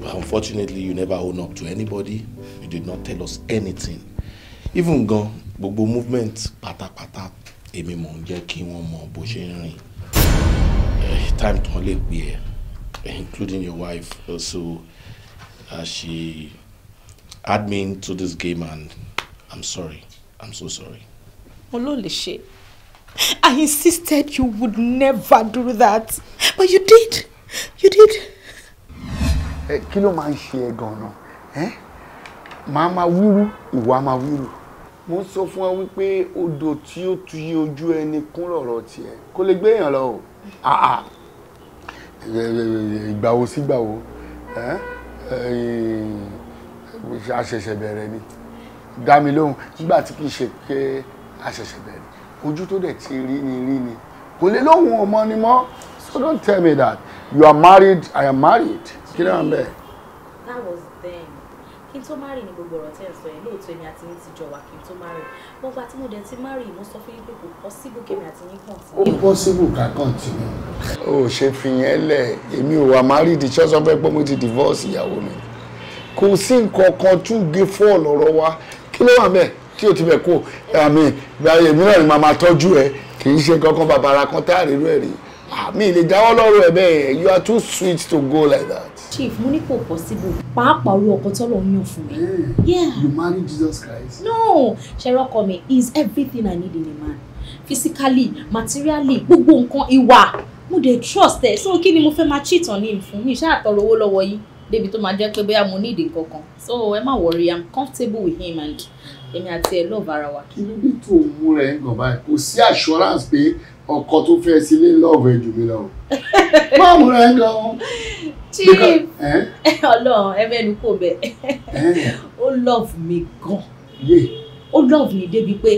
But unfortunately, you never own up to anybody. You did not tell us anything. Even gan, gbogbo movement pata pata. mò ń jẹ́ kí wọ́n mọ eh, Time to lè be, ẹ́, including your wife. So uh, she add me into this game and I'm sorry. I'm so sorry. Ololese, I insisted you would never do that, but you did. You did kí ló máa ń ṣe ẹ gan-an màá máa wíru ìwà máa wíru mo ń sọ fún ẹ wípé odò tí ó tu yí ojú ẹni kún lọ̀rọ̀ tiẹ̀ kó lè gbé èèyàn lọ o ìgbà wo sígbà wo a ṣẹ̀ṣẹ̀ bẹ̀rẹ̀ ni dá mi lóhùn nígbà tí kì í ṣe pé a bẹ̀rẹ̀ ojú tó dẹ̀ ti rí ni rí ni kò lè lóhùn ọmọ ni mọ́ so don't tell me that you are married I am married kí ló ń bẹ̀. that was then kí n tó má rì ní gbogbo ọ̀rọ̀ tẹ́ ẹ̀ sọ yẹn lóòótọ́ èmi àti yín ti jọ wà kí n tó má rì mo gba tí mo dẹ̀ ti má rì mo sọ fún yín pé kò possible kémi àti yín kàn tí. ó possible ká kàn tí mi. o ò ṣe fi yẹn lẹ̀ èmi ò wà má rì di ṣọ́ọ́ fẹ́ pé mo ti divorce ìyàwó mi kò sí nǹkan kan tún gé fọ́ọ̀lù ọ̀rọ̀ wa kí ló wà bẹ́ẹ̀ tí o ti bẹ̀ kó àmì báyìí èmi náà ni màá máa tọ́jú ẹ kì í ṣe kankan bàbàrà kan tá àrírú ẹ̀ rí àmì ìlè jáwọ́ lọ́rùn bẹ́ẹ̀ you are too sweet to go like that chief mo ní kò possible pàápàá orí ọkọ tọ́lọ̀ ń yàn fún mi. Hmm. you marry Jesus Christ. no ṣẹ̀rọ ọkọ mi he is everything i need in a man physically materially gbogbo nǹkan ìwà mo dey trust ẹ so kí ni mo fẹ́ máa cheat on him fún mi ṣáà tọrọ owó lọ́wọ́ yìí débi tó máa jẹ́ pé bóyá mo ní ìdí kankan so ẹ má worry i'm comfortable with him and èmi àti ẹ love ara wa. kí ló dé tó o mú rẹ̀ ń gbọ̀n báyìí kò sí assurance pé ọkọ tó fẹ́ sílé lọ́ọ̀bù ẹ̀jù mi lọ. Máàmù rẹ̀ gan-an. Chief Ọlọ́run ẹbẹnu kò bẹ ó love mi gan ó love mi débi pé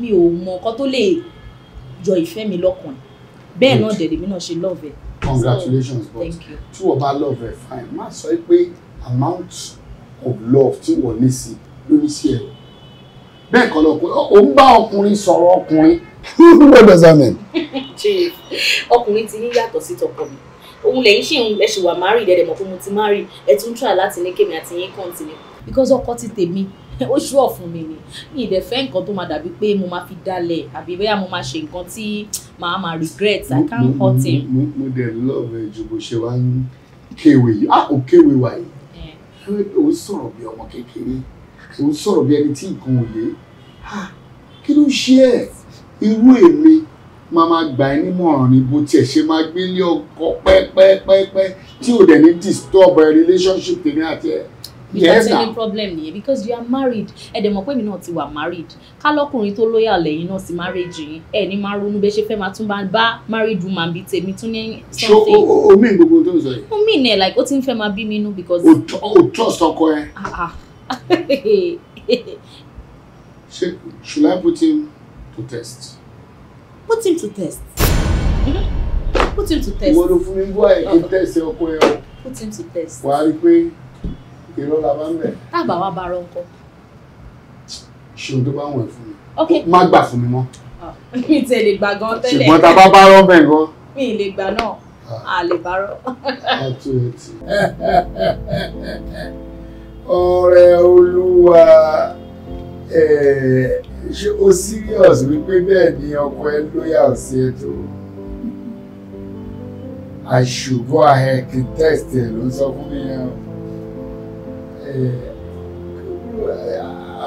mi ò mọ nǹkan tó lè yọ ìfẹ́ mi lọ́kàn bẹ́ẹ̀ náà dẹ̀dẹ̀ mi náà ṣe love ẹ̀. congratulations so, but tí wọ́n bá love ẹ̀ fine má sọ pé amount of love tí wọ́n ní sí ló ní sí ẹ̀ bẹ́ẹ̀ kọ́ lọ́kùnrin ó ń bá ọkùnrin sọ̀rọ̀ ọkùnrin what does that mean. chief ọkùnrin ti yín yàtọ̀ sí tọkọ mi òun lẹ́yìn ṣì ń ẹ̀ṣìn wà márì dẹ̀dẹ̀ mọ̀ pé mo ti márì ẹ̀ tún try láti ní kémi àti yín continue. because ọkọ ti tèmi ó ṣúọ̀ fún mi ni mi ìdẹ̀ fẹ́ nǹkan tó máa dàbí pé mo máa fi dalẹ̀ àbí bóyá mo máa ṣe nǹkan tí màá máa regret i can't hurt him. mo mo dẹ̀ love ẹ ju bó ṣe wá ń kéwèé yìí ah ò kéwèé wà yìí eh. ó sọ̀rọ̀ bí ọmọ kékeré ó sọ̀rọ̀ bí ẹni irú èmi máa máa gbà ẹ́ nímọ̀ràn ní bó tiẹ̀ ṣe máa gbé ilé ọkọ pẹ́pẹ́pẹ́pẹ́ tí ò dẹ̀ ní disturb ẹ relationship tèmi àti ẹ. because any problem nìyẹn because you are married ẹ dẹ̀ mọ̀ pé mi náà ti wà married ká lọ́kùnrin tó lóyà lẹ́yìn náà sí marriage yín ẹ ní máa ronú bẹ́ẹ̀ ṣe fẹ́ máa tún bá married woman bíi tèmi tún ní something. ṣé o mean gbogbo tó ń sọ yìí. o mean like ó ti ń fẹ́ máa bí mi nú because. o trust ọkọ ẹ. Ah, ah. ṣe should I put him to test. Put him to test. Hmm? Put him to test. Ìwọ ló fún mi bú àyè kí n tẹ̀sí ọkọ ẹ o. Put him to test. Wà á rí i pé irọ́ la bá ń bẹ̀. Tábà wá bá rọ ńkọ. Ṣé o tó bá wọ̀n fún mi? Ok. Má gbà fún mi mọ́. Ah, mi ì tẹ̀lé gbà gan tẹ́lẹ̀. Ṣùgbọ́n tá a bá bá rọ́ bẹ̀ gan. Mi ì lè gbà náà. Ah. A lè bá rọ. Ọ̀rẹ́ Olúwa. Eh, ṣé o serious wípé bẹ́ẹ̀ ni ọkọ ẹ lóyà sí ẹ tó I should go ahead kí n test ẹ ló ń sọ fún mi yẹn o eh,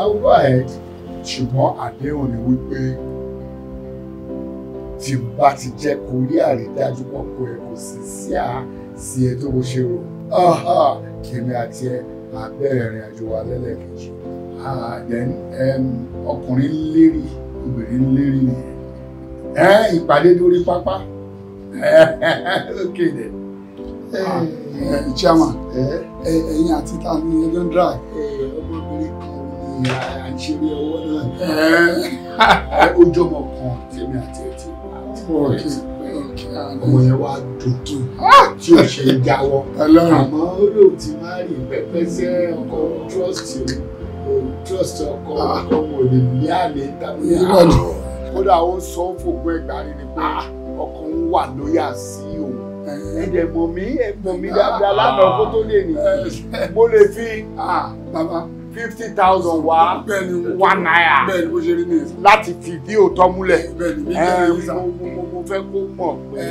I go ahead ṣùgbọ́n àdéhùn ni wípé tí n bá ti jẹ́ kó rí àrídájú pọ̀pọ̀ ẹ̀ kò sì sí à sí ẹ tó bó ṣe rò kí èmi àti ẹ àbẹ̀rẹ̀ ìrìn àjò wa lẹ́lẹ́kejì. Um, ọkùnrin ń lérí obìnrin ń lérí nìyẹn ìpàdé lórí pápá okay then eh. Eh, chairman eh. ẹ̀yin àti ta ni ẹjọ́ ń dra ọmọbìnrin kan ni àṣírí ọwọ́ náà ojú ọmọ kan tèmi àti ẹtì ọmọ yẹn wá dúdú ah! tí ò ṣe jáwọ́ àmọ́ ó lóun ti máa rí pẹpẹ sẹ ọkọ trust you trust ọkọ ah. ọkọ wọn ò lè bí àlè tàbí àlè kódà ó sọ fògùn ẹgbàá rí ni pé ah. ọkọ ń wà lóyà sí òun eh. ẹ̀dẹ̀ mọ̀ mí ẹ̀gbọ̀n mi ah. dáadáa lánàá kó tó lè nì eh. mo lè fi fifty thousand wá one naira láti fìdí òótọ́ múlẹ̀ eh, mo fẹ́ kó mọ̀ pé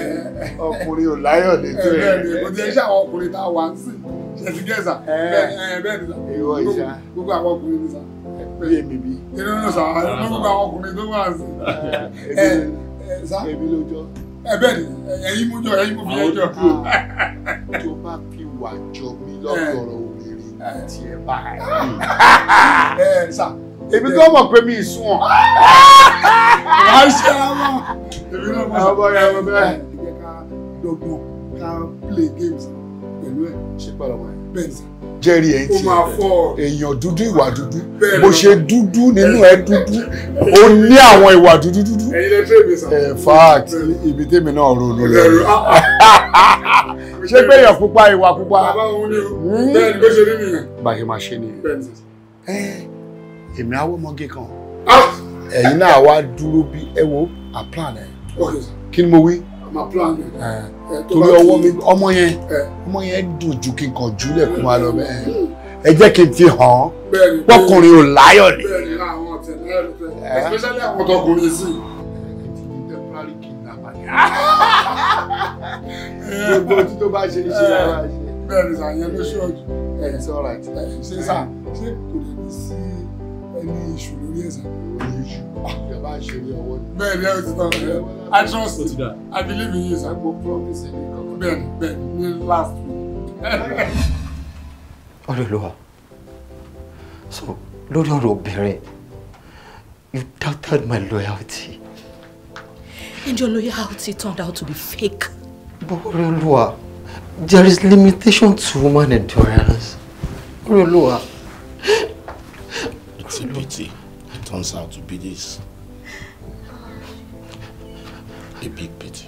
ọkùnrin ò láyọ̀ lè tó ẹ̀. ọkùnrin táwa ń sìn ṣẹ̀sì gẹ̀ẹ́sà bẹ́ẹ̀ ni sà gbogbo àwọn ọkùnrin ni sà. bí èmi bí. inú ní sà gbogbo àwọn ọkùnrin tó wà sí. ẹ ẹ sà èmi ló jọ. ẹ bẹ́ẹ̀ ni ẹ̀yin mú jọ ẹ̀yin mú fi ẹ jọ. tó bá mọ̀ pé mi sùn ọ̀. wà á ṣe àwọn èmi náà mọ̀ sọ. àwọn ọmọ yẹn mo bẹ́ẹ̀. ẹ jẹ́ ká dọ̀gbọ̀n ká play games irú ẹ̀ ṣe padà wọ̀nyí bẹ́ẹ̀ ni sà. jẹ́rì ẹ̀ ti èèyàn dúdú ìwà dúdú bó ṣe dúdú nínú ẹ̀ dúdú ó ní àwọn ìwà dúdú dúdú. ẹ̀yin lè tẹ́ ìbí sà. in fact ibi tèmi náà ronú lẹ́nu. ṣé pé èèyàn pupa ìwà pupa. bàbá òun ni o hmm? bẹ́ẹ̀ ni bó ṣe rí nìyẹn. báyìí máa ṣe nìyẹn. èmi àwọn ọmọge kan ah! ẹ̀yin náà wá dúró bí ẹ wo àplan ẹ̀ kí ni mo wí máa plan rẹ̀. Eh. Eh, torí ọwọ́ mi ọmọ yẹn eh. ọmọ yẹn dùn ju kí n kàn jùlẹ̀ kó máa lọ bẹ́ẹ̀ ẹ jẹ́ kí n fi hàn án pọkùnrin ò láyọ̀ ni. bẹ́ẹ̀ ni àwọn ọ̀tẹ̀ náà ló fẹ́ especially àwọn ọkùnrin sí i gbogbo tí tó bá ṣe iṣẹ́ ara ṣe. bẹ́ẹ̀ ni sàyẹn ló ṣọ́ọ̀jù. ẹ ẹ sọ ọ̀rọ̀ àti ṣé sà ṣé kò lè ní sí i ẹni iṣu lórí ẹ̀sán. Ah. bẹ́ẹ̀ ni ẹ ti tán ẹ i trust you i believe in you sir. mo promise ẹni kan. bẹ́ẹ̀ ni bẹ́ẹ̀ ni ní last week. olùlọ́wà so lórí ọ̀rọ̀ obìnrin you doubted my loyalty. and your loyalty turned out to be fake. but olùlọ́wà there is limitation to woman endurance olùlọ́wà. Pity. it turns out to be this. A big pity.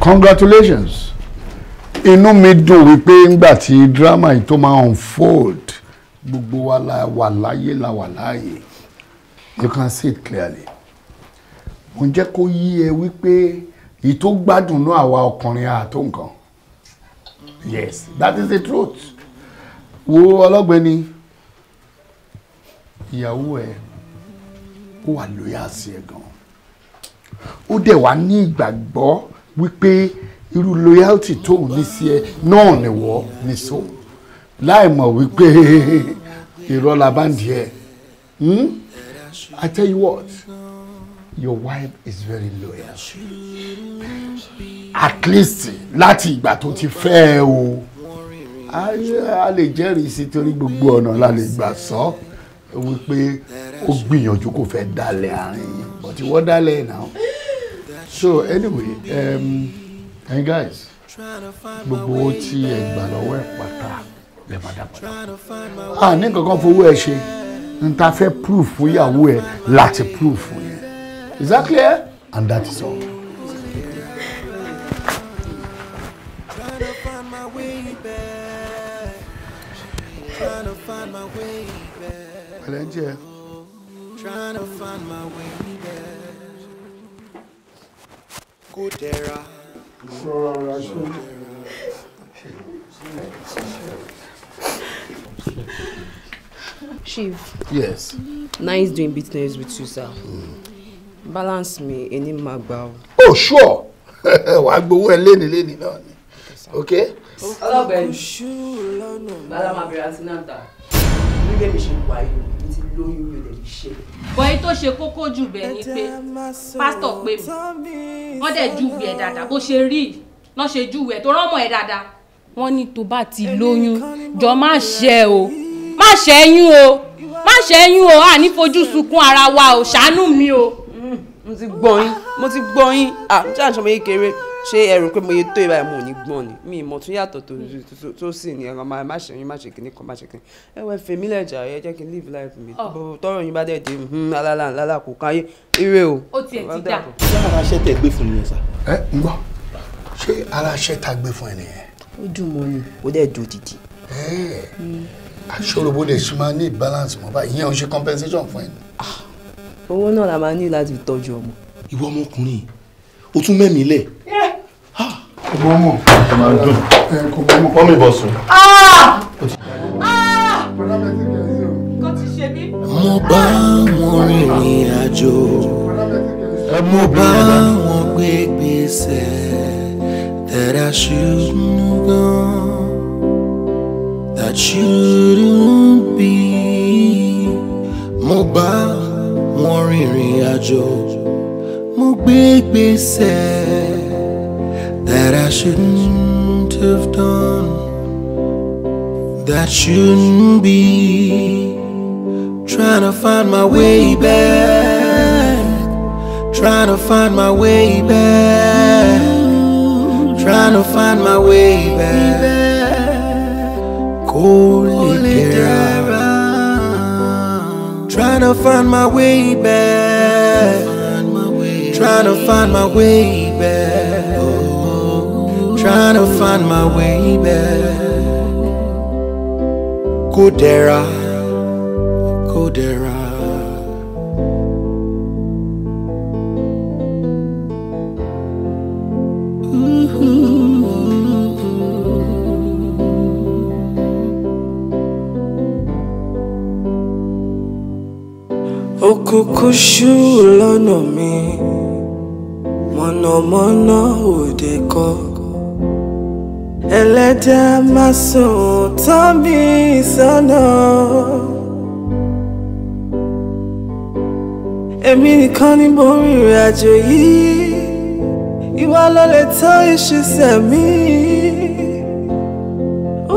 Congratulations. Inú mi dùn wípé ńgbà tí drama yìí tó máa unfold gbogbo wa la wà láyé la wà láàyè. You can see it clearly. Mo jẹ́ kó yí ẹ wípé èyí tó gbádùn náà àwa ọkùnrin àtó nǹkan. Yes, that is the truth. Wo ọlọ́gbẹ́ni ìyàwó ẹ ó wà lóyà sí ẹ gan ó dẹ̀ wá ní ìgbàgbọ́ wípé irú loyalty tóun ní sí ẹ náà nìwọ ní so láì mọ̀ wípé irọ́ la bá ń di ẹ hmm? I tell you what your wife is very loyal at least láti ìgbà tó ti fẹ́ ẹ o a lè jẹ́rìí sí torí gbogbo ọ̀nà la lè gbà sọ. So wípé ó gbìyànjú kò fẹ́ dalẹ̀ àárín yìí but ìwọ dalẹ̀ náà so anyway um, hey guys gbogbo owó tí ẹ gbà lọ́wọ́ ẹ̀ pátá lè má dá padà à ní kankan fowó ẹ ṣe n ta fẹ́ proof fún ìyàwó ẹ láti proof fún yẹn is that clear and that is all. tiẹ̀. kò dẹ̀ra. ìṣọ́ra ra ṣe. Chief. Yes. Nice doing business with you, sir. Mm. Balance me, in máa gbà Oh, sure. Why gbowó ẹ léni léni náà ni. Okay? Hello Ben. máa bẹ̀rẹ̀ àti náà ta. Nígbà mi ṣe ń wáyé lóyún mi ò lè ṣe. bọ̀yì tó ṣe kókó jù bẹ́ẹ̀ ni pé pásítọ̀ pé mi wọ́n dẹ̀ júwe ẹ̀ dáadáa bó ṣe rí lọ́ ṣe júwe ẹ̀ tó rọ́mọ ẹ̀ dáadáa. wọ́n ní tó bá ti lóyún jọ má ṣe o má ṣẹ́yún o má ṣẹ́yún o à ní fojú sunkún ara wa o ṣàánú mi o. Mm, mo ti gbọ́ yín mo ti gbọ́ yín ah, à ń ṣàṣọmọ yìí kéré ṣé ẹrù pé mo yẹ tó ìbáyìí mo ò ní gbọ́n ni mi ìmọ̀ tún yàtọ̀ tó sì ní ẹ̀rọ máa má ṣe yín má ṣe kìíní kan má ṣe kìíní ẹ wẹ fèmí lẹ́jà ẹ jẹ́ kí n live life mi ah. tọrọ yín bá dẹ̀ dé alálà alálà kò kan ayé ire o. ó tiẹ̀ ti dà. ṣé ara ṣẹ́ tẹ gbé fún mi yẹn sá. ẹ ń gbọ́ ṣé ara ṣẹ́ ta gbé fún ẹ nìyẹn. ó dùn mọ́ ni ó dẹ̀ dùn dìdì. Hmm. aṣọ́ròbó lè ṣe máa ní balance mọ́ báyìí ìyẹn ò ṣe mọ́mọ́ kò máa dùn wọ́n mi ah! mo bá wọn rìnrìn àjò mo bá wọn gbé gbèsè that I shouldn't go that shouldn't be mo bá wọn rìnrìn àjò mo gbé gbèsè. that I shouldn't have done, that shouldn't be. Trying to find my way back, trying to find my way back, trying to find my way back. Coldly Trying to find my way back, trying to find my way trying to find my way back. Kudera, Kudera. Òkùnkùn ṣú lọ́nà mi, mono mono kọ́. ẹlẹ́dàá má sùn tán bí ìsọ̀nà. èmi nìkan ni mo rin ìrìn àjò yìí ìwà ló lè tán ìṣiṣẹ́ mi.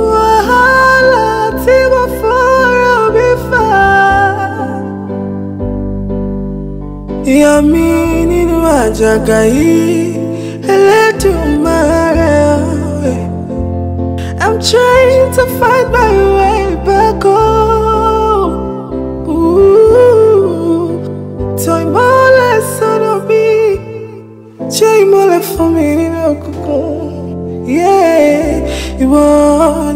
wàhálà tí mo fọ́ra mi fà. ìyá mi nínú àjàgà yìí ẹlẹ́dùn. trying to find my way back home. Ooh, time all lesson of me. Jay mole for me ni na kuku. Yeah, ìwọ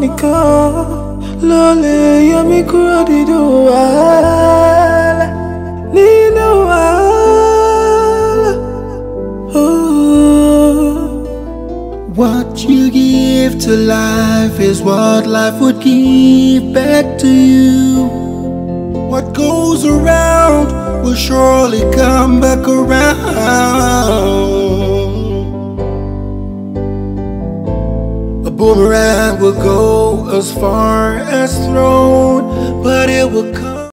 nìkan ló lè yọ mí kúrò dídùn wá. to life is what life would give back to you. What goes around will surely come back around. A boomerang will go as far as thrown, but it will come.